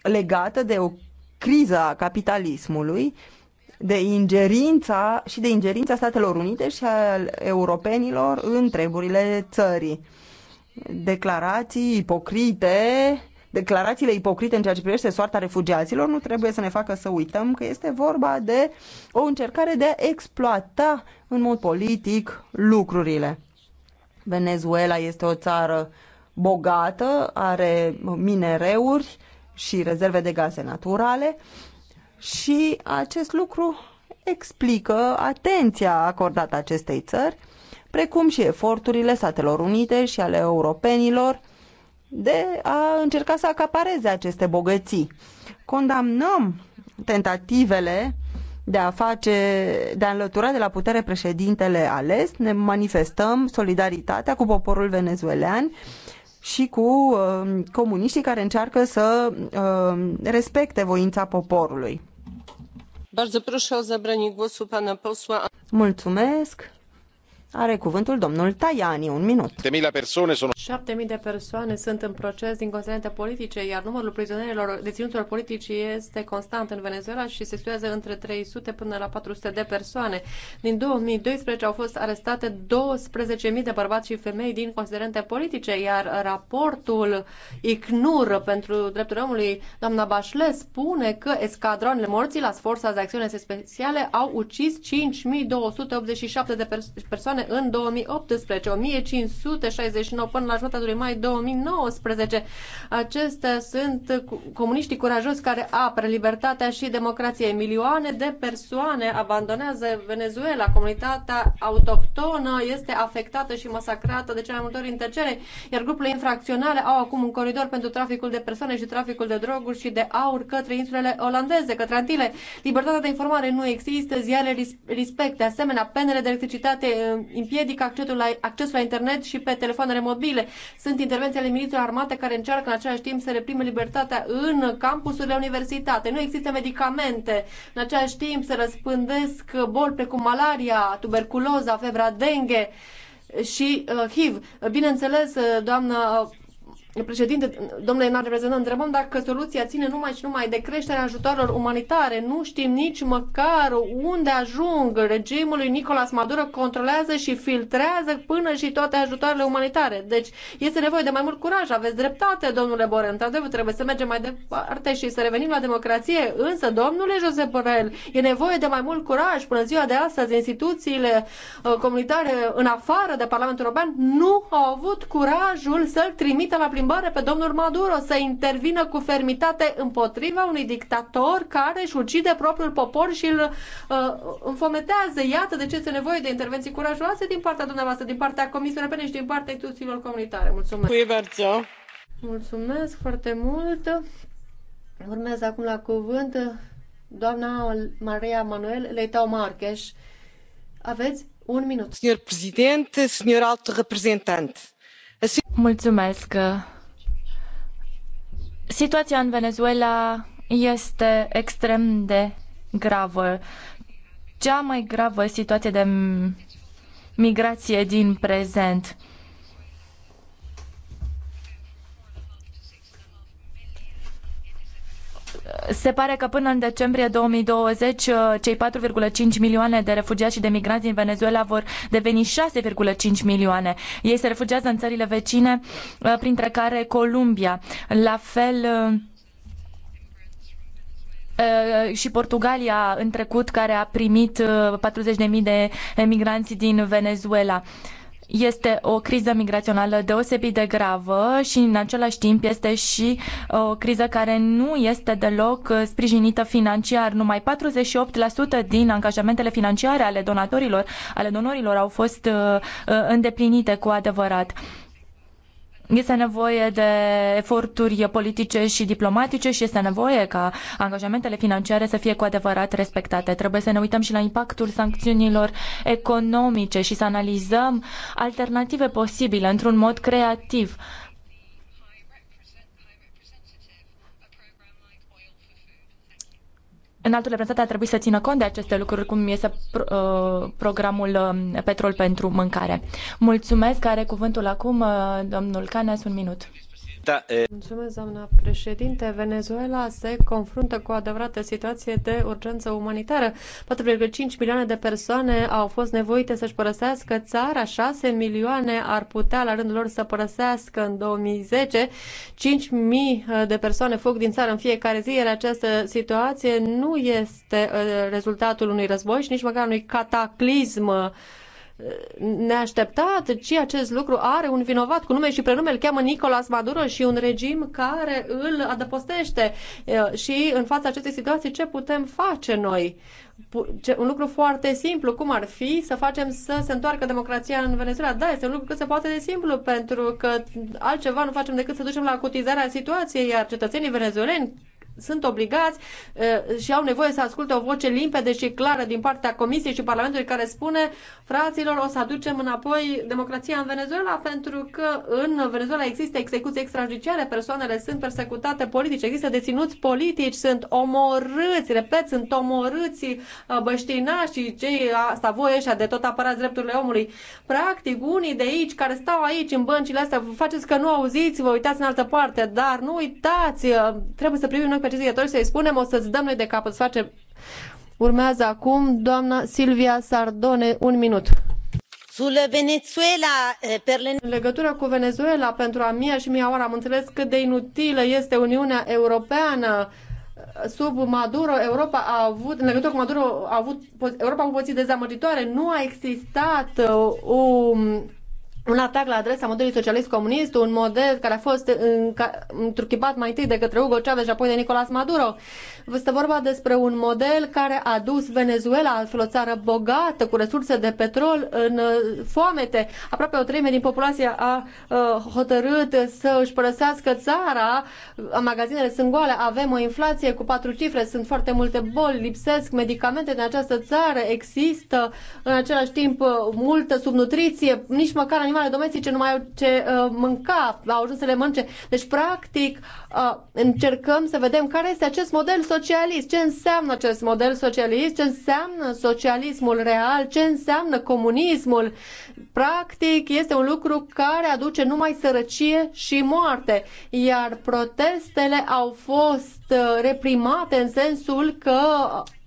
legată de o criză a capitalismului de ingerința și de ingerința Statelor Unite și al europenilor în treburile țării. Declarații ipocrite, declarațiile ipocrite în ceea ce privește soarta refugiaților nu trebuie să ne facă să uităm că este vorba de o încercare de a exploata în mod politic lucrurile. Venezuela este o țară bogată, are minereuri și rezerve de gaze naturale, și acest lucru explică atenția acordată acestei țări, precum și eforturile Statelor Unite și ale europenilor de a încerca să acapareze aceste bogății. Condamnăm tentativele de a face, de a înlătura de la putere președintele ales, ne manifestăm solidaritatea cu poporul venezuelan și cu uh, comuniștii care încearcă să uh, respecte voința poporului. Mulțumesc. Are cuvântul domnul Tajani, un minut. 7.000 persoane sunt... 7.000 de persoane sunt în proces din considerente politice, iar numărul prizonierilor deținuților politici este constant în Venezuela și se situează între 300 până la 400 de persoane. Din 2012 au fost arestate 12.000 de bărbați și femei din considerente politice, iar raportul ICNUR pentru drepturile omului, doamna Bașle, spune că escadronele morții la Forța de Acțiune Speciale au ucis 5.287 de persoane în 2018, 1569 până la jumătatea lui mai 2019. Acestea sunt comuniștii curajoși care apără libertatea și democrație. Milioane de persoane abandonează Venezuela. Comunitatea autohtonă este afectată și masacrată de cele mai multe ori intercere, iar grupurile infracționale au acum un coridor pentru traficul de persoane și traficul de droguri și de aur către insulele olandeze, către Antile. Libertatea de informare nu există, ziare respecte, asemenea, penele de electricitate în împiedică accesul la, accesul la internet și pe telefoanele mobile. Sunt intervenții ale ministrului armate care încearcă în același timp să reprime libertatea în campusurile universitate. Nu există medicamente. În același timp se răspândesc boli precum malaria, tuberculoza, febra dengue și uh, HIV. Bineînțeles, uh, doamnă Președinte, domnule înalt reprezentant, întrebăm dacă soluția ține numai și numai de creșterea ajutoarelor umanitare. Nu știm nici măcar unde ajung. Regimul lui Nicolas Maduro controlează și filtrează până și toate ajutoarele umanitare. Deci este nevoie de mai mult curaj. Aveți dreptate, domnule Borel. Într-adevăr, trebuie să mergem mai departe și să revenim la democrație. Însă, domnule Josep Borel, e nevoie de mai mult curaj. Până ziua de astăzi, instituțiile uh, comunitare în afară de Parlamentul European nu au avut curajul să-l trimită la primul schimbare pe domnul Maduro să intervină cu fermitate împotriva unui dictator care își ucide propriul popor și îl uh, înfometează. Iată de ce este nevoie de intervenții curajoase din partea dumneavoastră, din partea Comisiei Europene și din partea instituțiilor comunitare. Mulțumesc! Mulțumesc foarte mult! Urmează acum la cuvânt doamna Maria Manuel Leitao Marques. Aveți un minut. Domnule președinte, domnule alt reprezentant. Mulțumesc, Situația în Venezuela este extrem de gravă. Cea mai gravă situație de migrație din prezent. se pare că până în decembrie 2020 uh, cei 4,5 milioane de refugiați și de migranți din Venezuela vor deveni 6,5 milioane. Ei se refugiază în țările vecine, uh, printre care Columbia. La fel uh, și Portugalia în trecut care a primit 40.000 de emigranți din Venezuela. Este o criză migrațională deosebit de gravă și în același timp este și uh, o criză care nu este deloc uh, sprijinită financiar. Numai 48% din angajamentele financiare ale donatorilor, ale donorilor au fost uh, îndeplinite cu adevărat. Este nevoie de eforturi politice și diplomatice și este nevoie ca angajamentele financiare să fie cu adevărat respectate. Trebuie să ne uităm și la impactul sancțiunilor economice și să analizăm alternative posibile într-un mod creativ. înaltul reprezentat ar trebui să țină cont de aceste lucruri, cum este pro, uh, programul um, Petrol pentru Mâncare. Mulțumesc, are cuvântul acum uh, domnul Canes, un minut. Da, președinte. Venezuela se confruntă cu o adevărată situație de urgență umanitară. 4,5 milioane de persoane au fost nevoite să-și părăsească țara, 6 milioane ar putea la rândul lor să părăsească în 2010, 5.000 uh, de persoane fug din țară în fiecare zi, iar această situație nu este uh, rezultatul unui război și nici măcar unui cataclism uh, neașteptat, ci acest lucru are un vinovat cu nume și prenume, îl cheamă Nicolas Maduro și un regim care îl adăpostește. Și în fața acestei situații ce putem face noi? Un lucru foarte simplu, cum ar fi să facem să se întoarcă democrația în Venezuela. Da, este un lucru cât se poate de simplu, pentru că altceva nu facem decât să ducem la acutizarea situației, iar cetățenii venezueleni sunt obligați uh, și au nevoie să asculte o voce limpede și clară din partea Comisiei și Parlamentului care spune fraților, o să aducem înapoi democrația în Venezuela pentru că în Venezuela există execuții extrajudiciare, persoanele sunt persecutate politici, există deținuți politici, sunt omorâți, repet, sunt omorâți uh, băștinașii, cei stavoieșa de tot apărați drepturile omului. Practic, unii de aici care stau aici în băncile astea, faceți că nu auziți, vă uitați în altă parte, dar nu uitați, uh, trebuie să privim noi pe cei zicători să-i spunem o să-ți dăm noi de capăt, să facem. Urmează acum doamna Silvia Sardone, un minut. Sulle Venezuela, eh, În legătură cu Venezuela, pentru a mie și mia oară am înțeles cât de inutilă este Uniunea Europeană sub Maduro, Europa a avut, în legătură cu Maduro, a avut, Europa a avut poziții dezamăgitoare, nu a existat o, uh, o un atac la adresa modelului socialist-comunist, un model care a fost întruchipat mai întâi de către Hugo Chavez și apoi de Nicolas Maduro. Este vorba despre un model care a dus Venezuela, altfel o țară bogată cu resurse de petrol, în uh, foamete. Aproape o treime din populație a uh, hotărât să își părăsească țara. Magazinele sunt goale, avem o inflație cu patru cifre, sunt foarte multe boli, lipsesc medicamente din această țară, există în același timp uh, multă subnutriție, nici măcar animale domestice nu mai au ce mânca, au ajuns să le mănânce. Deci, practic, încercăm să vedem care este acest model social socialist, ce înseamnă acest model socialist, ce înseamnă socialismul real, ce înseamnă comunismul. Practic, este un lucru care aduce numai sărăcie și moarte, iar protestele au fost uh, reprimate în sensul că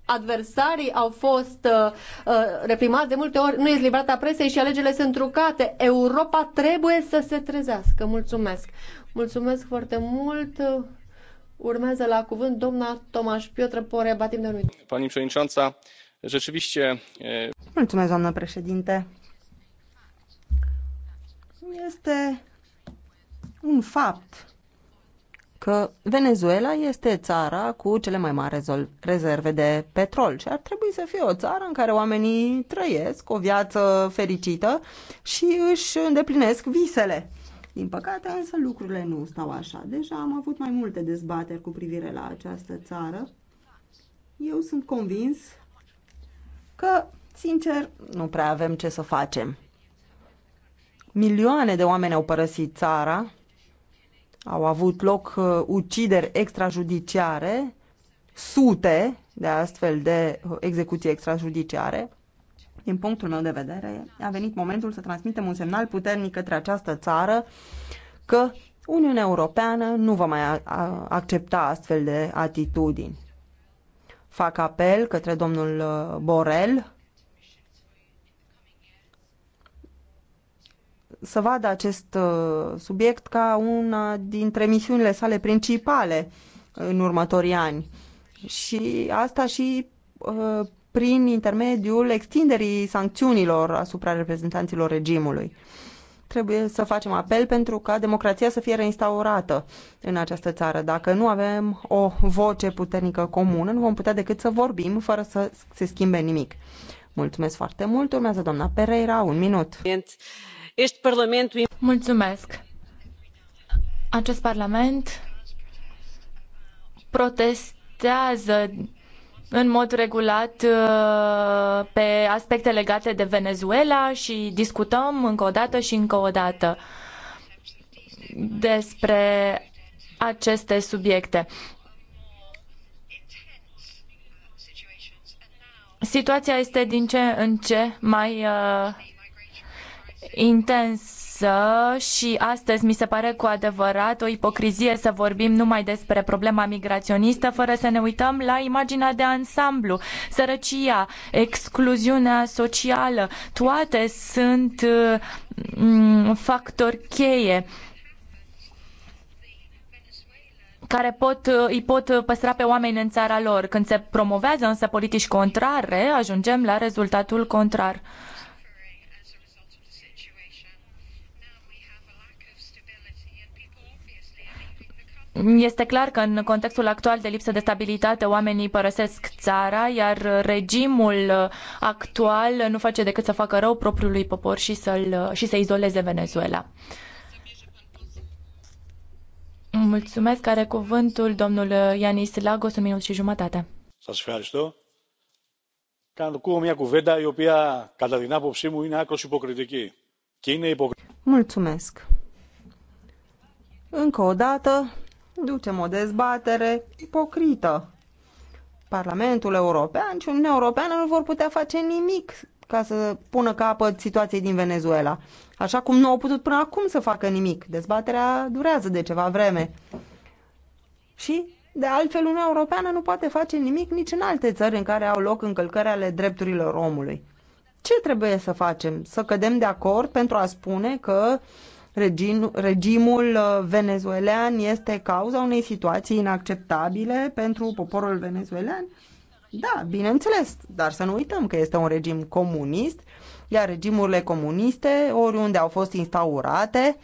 adversarii au fost uh, uh reprimați de multe ori, nu este liberată presei și alegerile sunt trucate. Europa trebuie să se trezească. Mulțumesc! Mulțumesc foarte mult! Urmează la cuvânt doamna Tomaș Piotr Poreba, batim de un Pani președința, rzeczywiście... Mulțumesc, doamnă președinte. Este un fapt că Venezuela este țara cu cele mai mari rezerve de petrol și ar trebui să fie o țară în care oamenii trăiesc o viață fericită și își îndeplinesc visele. Din păcate, însă, lucrurile nu stau așa. Deja am avut mai multe dezbateri cu privire la această țară. Eu sunt convins că, sincer, nu prea avem ce să facem. Milioane de oameni au părăsit țara, au avut loc uh, ucideri extrajudiciare, sute de astfel de uh, execuții extrajudiciare. Din punctul meu de vedere, a venit momentul să transmitem un semnal puternic către această țară că Uniunea Europeană nu va mai accepta astfel de atitudini. Fac apel către domnul uh, Borel să vadă acest uh, subiect ca una dintre misiunile sale principale în următorii ani. Și asta și uh, prin intermediul extinderii sancțiunilor asupra reprezentanților regimului. Trebuie să facem apel pentru ca democrația să fie reinstaurată în această țară. Dacă nu avem o voce puternică comună, nu vom putea decât să vorbim fără să se schimbe nimic. Mulțumesc foarte mult. Urmează doamna Pereira, un minut. Mulțumesc. Acest parlament protestează în mod regulat uh, pe aspecte legate de Venezuela și discutăm încă o dată și încă o dată despre aceste subiecte. Situația este din ce în ce mai uh, intens Însă și astăzi mi se pare cu adevărat o ipocrizie să vorbim numai despre problema migraționistă fără să ne uităm la imaginea de ansamblu. Sărăcia, excluziunea socială, toate sunt mm, factori cheie care pot, îi pot păstra pe oameni în țara lor. Când se promovează însă politici contrare, ajungem la rezultatul contrar. Este clar că în contextul actual de lipsă de stabilitate oamenii părăsesc țara, iar regimul actual nu face decât să facă rău propriului popor și, să-l, și să izoleze Venezuela. Mulțumesc, are cuvântul domnul Ianis Lagos, un minut și jumătate. Σας ευχαριστώ. Κάνω ακούω μια κουβέντα η οποία κατά την άποψή μου είναι άκρως υποκριτική. Mulțumesc. Încă o dată, ducem o dezbatere ipocrită. Parlamentul European și Uniunea Europeană nu vor putea face nimic ca să pună capăt situației din Venezuela. Așa cum nu au putut până acum să facă nimic. Dezbaterea durează de ceva vreme. Și, de altfel, Uniunea Europeană nu poate face nimic nici în alte țări în care au loc încălcări ale drepturilor omului. Ce trebuie să facem? Să cădem de acord pentru a spune că regimul uh, venezuelean este cauza unei situații inacceptabile pentru poporul venezuelean? Da, bineînțeles, dar să nu uităm că este un regim comunist, iar regimurile comuniste, oriunde au fost instaurate,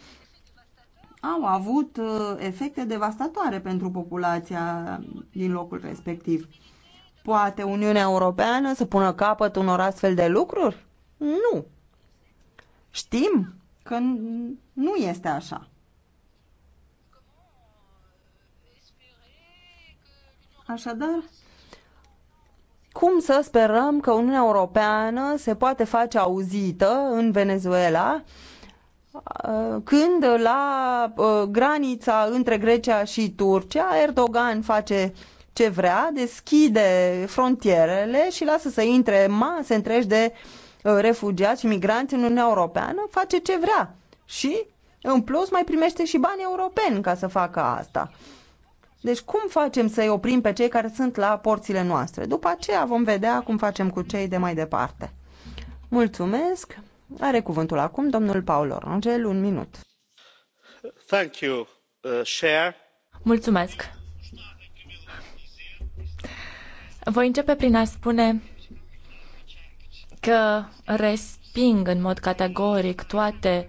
au avut uh, efecte devastatoare pentru populația din locul respectiv. Poate Uniunea Europeană să pună capăt unor astfel de lucruri? Nu. Știm că nu este așa. Așadar, cum să sperăm că Uniunea Europeană se poate face auzită în Venezuela uh, când la uh, granița între Grecia și Turcia Erdogan face ce vrea, deschide frontierele și lasă să intre mase întregi de uh, refugiați și migranți în Uniunea Europeană, face ce vrea și, în plus, mai primește și bani europeni ca să facă asta. Deci cum facem să-i oprim pe cei care sunt la porțile noastre? După aceea vom vedea cum facem cu cei de mai departe. Mulțumesc. Are cuvântul acum domnul Paul Orangel, un minut. Thank you, uh, Mulțumesc. Voi începe prin a spune că resping în mod categoric toate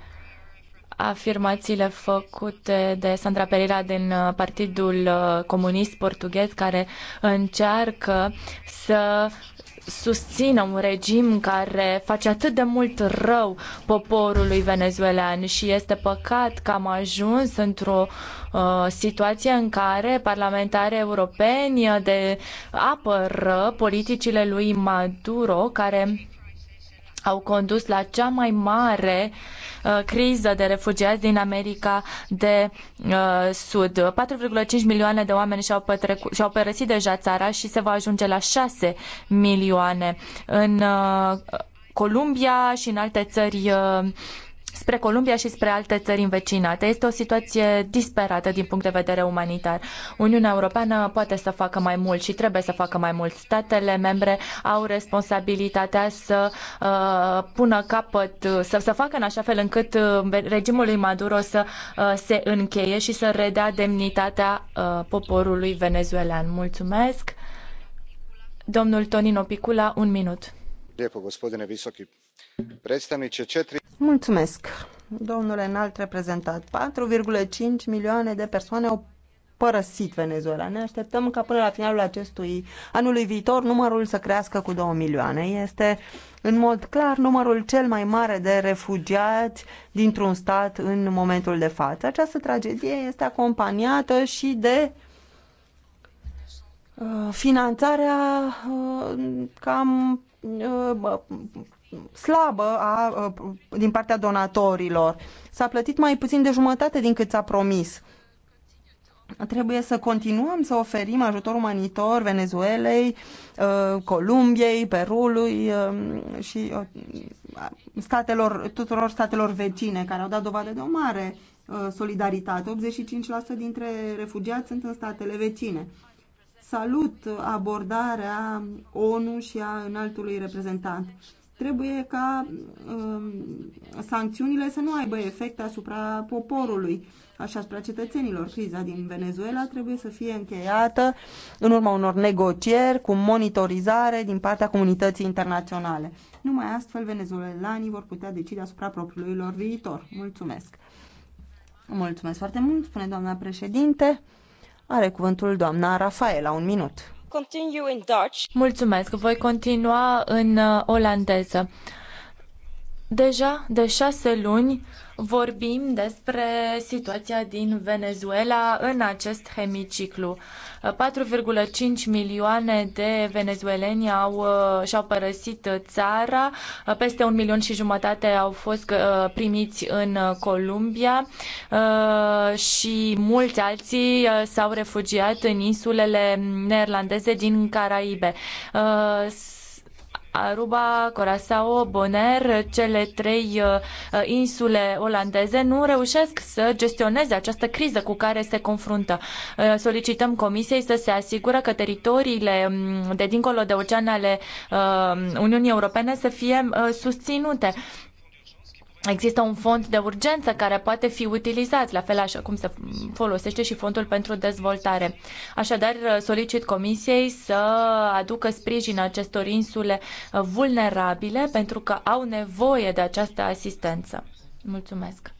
afirmațiile făcute de Sandra Pereira din uh, Partidul uh, Comunist Portughez, care încearcă să susțină un regim care face atât de mult rău poporului venezuelan și este păcat că am ajuns într-o uh, situație în care parlamentarii europeni de apără politicile lui Maduro, care au condus la cea mai mare uh, criză de refugiați din America de uh, Sud. 4,5 milioane de oameni și-au, și-au părăsit deja țara și se va ajunge la 6 milioane. În uh, Columbia și în alte țări uh, spre Columbia și spre alte țări învecinate. Este o situație disperată din punct de vedere umanitar. Uniunea Europeană poate să facă mai mult și trebuie să facă mai mult. Statele membre au responsabilitatea să uh, pună capăt, să, să facă în așa fel încât uh, regimul lui Maduro să uh, se încheie și să redea demnitatea uh, poporului venezuelan. Mulțumesc! Domnul Tonino Picula, un minut. Lijepo, gospodine visoki domnule înalt reprezentant. 4,5 milioane de persoane au părăsit Venezuela. Ne așteptăm ca până la finalul acestui anului viitor numărul să crească cu două milioane. Este în mod clar numărul cel mai mare de refugiați dintr-un stat în momentul de față. Această tragedie este acompaniată și de uh, finanțarea uh, cam uh, slabă a, din partea donatorilor. S-a plătit mai puțin de jumătate din cât s-a promis. Trebuie să continuăm să oferim ajutor umanitor Venezuelei, uh, Columbiei, Perului um, și uh, statelor, tuturor statelor vecine care au dat dovadă de o mare uh, solidaritate. 85% dintre refugiați sunt în statele vecine. Salut abordarea ONU și a înaltului reprezentant Trebuie ca um, sancțiunile să nu aibă efect asupra poporului, așa asupra cetățenilor. Criza din Venezuela trebuie să fie încheiată în urma unor negocieri cu monitorizare din partea comunității internaționale. Numai astfel venezuelanii vor putea decide asupra propriului lor viitor. Mulțumesc! Mulțumesc foarte mult, spune doamna președinte. Are cuvântul doamna Rafaela, un minut continue in Dutch. Mulțumesc, voi continua în uh, olandeză. Deja de șase luni vorbim despre situația din Venezuela în acest hemiciclu. 4,5 milioane de venezueleni au, uh, și-au părăsit țara, peste un milion și jumătate au fost uh, primiți în Columbia uh, și mulți alții s-au refugiat în insulele neerlandeze din Caraibe. Aruba, Corasao, Bonaire, cele trei uh, uh, insule olandeze, nu reușesc să gestioneze această criză cu care se confruntă. Uh, solicităm Comisiei să se asigură că teritoriile um, de dincolo de ocean ale Uniunii Europene să fie susținute Există un fond de urgență care poate fi utilizat, la fel așa cum se folosește și fondul pentru dezvoltare. Așadar, solicit Comisiei să aducă sprijin acestor insule vulnerabile pentru că au nevoie de această asistență. Mulțumesc!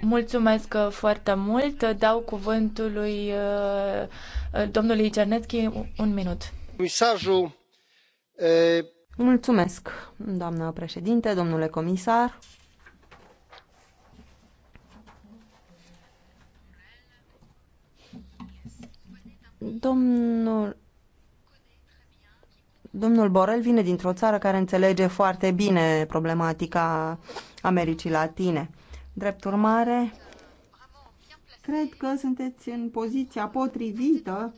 Mulțumesc foarte mult. Dau cuvântul lui uh, domnului Cernetchi un minut. Comisarul, uh, Mulțumesc, doamnă președinte, domnule comisar. Domnul, domnul Borel vine dintr-o țară care înțelege foarte bine problematica Americii Latine. Drept urmare, cred că sunteți în poziția potrivită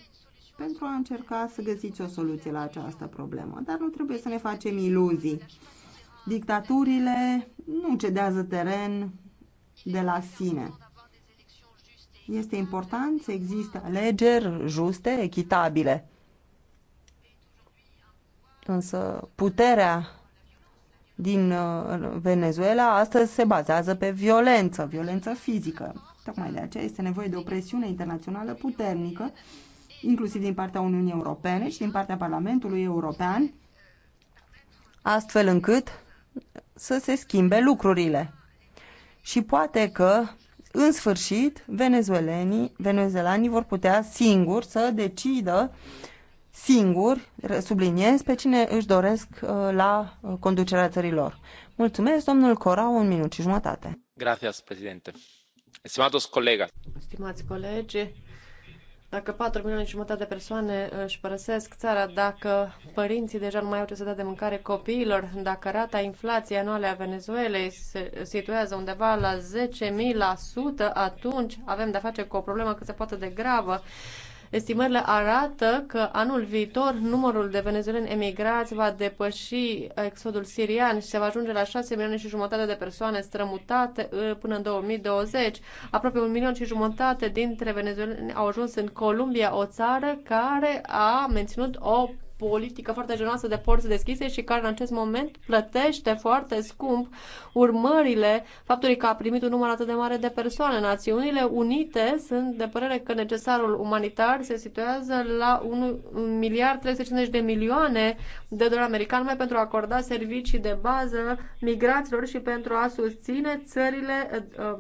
pentru a încerca să găsiți o soluție la această problemă. Dar nu trebuie să ne facem iluzii. Dictaturile nu cedează teren de la sine. Este important să existe alegeri juste, echitabile. Însă puterea din uh, Venezuela astăzi se bazează pe violență, violență fizică. Tocmai de aceea este nevoie de o presiune internațională puternică inclusiv din partea Uniunii Europene și din partea Parlamentului European, astfel încât să se schimbe lucrurile. Și poate că, în sfârșit, venezuelenii, venezuelanii vor putea singuri să decidă singuri, subliniez, pe cine își doresc uh, la uh, conducerea țărilor. Mulțumesc, domnul Cora, un minut și jumătate. Gracias, președinte. Stimados colegas. Stimați colegi, dacă 4 milioane și jumătate de persoane uh, își părăsesc țara, dacă părinții deja nu mai au ce să dea de mâncare copiilor, dacă rata inflației anuale a Venezuelei se situează undeva la 10.000%, atunci avem de-a face cu o problemă cât se poate de gravă Estimările arată că anul viitor numărul de venezueleni emigrați va depăși exodul sirian și se va ajunge la 6 milioane și jumătate de persoane strămutate uh, până în 2020. Aproape un milion și jumătate dintre venezueleni au ajuns în Columbia, o țară care a menținut o politică foarte generoasă de porți deschise și care în acest moment plătește foarte scump urmările faptului că a primit un număr atât de mare de persoane. Națiunile Unite sunt de părere că necesarul umanitar se situează la 1 miliard 350 de milioane de dolari americani mai pentru a acorda servicii de bază migraților și pentru a susține țările uh, um,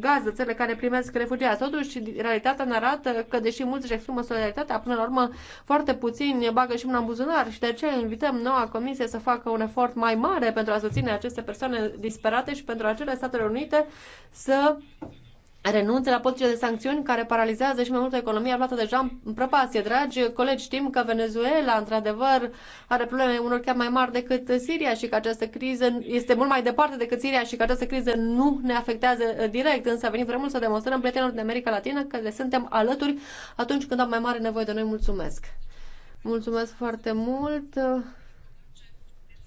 gază, țările care primesc refugiați. Totuși, realitatea ne arată că, deși mulți își exprimă solidaritatea, până la urmă foarte ne bagă și în buzunar și de ce invităm noua comisie să facă un efort mai mare pentru a susține aceste persoane disperate și pentru acele Statele Unite să renunțe la politice de sancțiuni care paralizează și mai mult economia aflată deja în prăpastie. Dragi colegi, știm că Venezuela, într-adevăr, are probleme unor chiar mai mari decât Siria și că această criză este mult mai departe decât Siria și că această criză nu ne afectează uh, direct, însă a venit vremul să demonstrăm prietenilor din America Latină că le suntem alături atunci când au mai mare nevoie de noi. Mulțumesc! Mulțumesc foarte mult.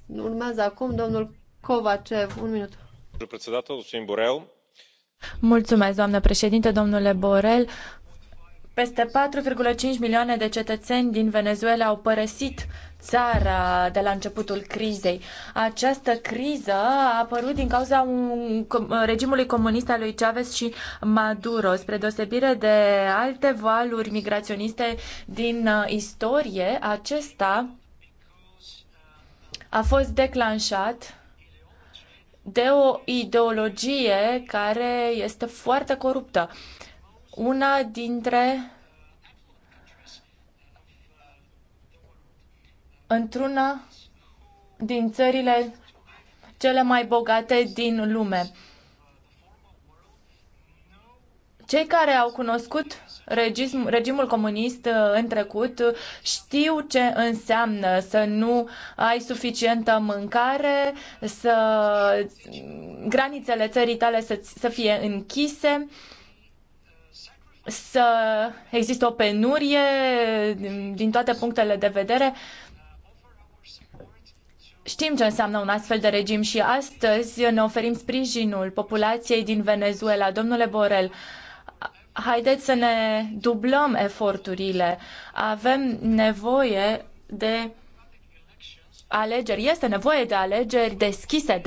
Urmează acum domnul Covacev. Un minut. Mulțumesc, doamnă președinte, domnule Borel. Peste 4,5 milioane de cetățeni din Venezuela au părăsit țara de la începutul crizei. Această criză a apărut din cauza regimului comunist al lui Chavez și Maduro, spre deosebire de alte valuri migraționiste din uh, istorie, acesta a fost declanșat de o ideologie care este foarte coruptă. Una dintre într-una din țările cele mai bogate din lume. Cei care au cunoscut regism, regimul comunist uh, în trecut știu ce înseamnă să nu ai suficientă mâncare, să granițele țării tale să, să fie închise, să există o penurie din toate punctele de vedere. Uh, Știm ce înseamnă un astfel de regim și astăzi ne oferim sprijinul populației din Venezuela. Domnule Borel, haideți să ne dublăm eforturile. Avem nevoie de alegeri. Este nevoie de alegeri deschise, de.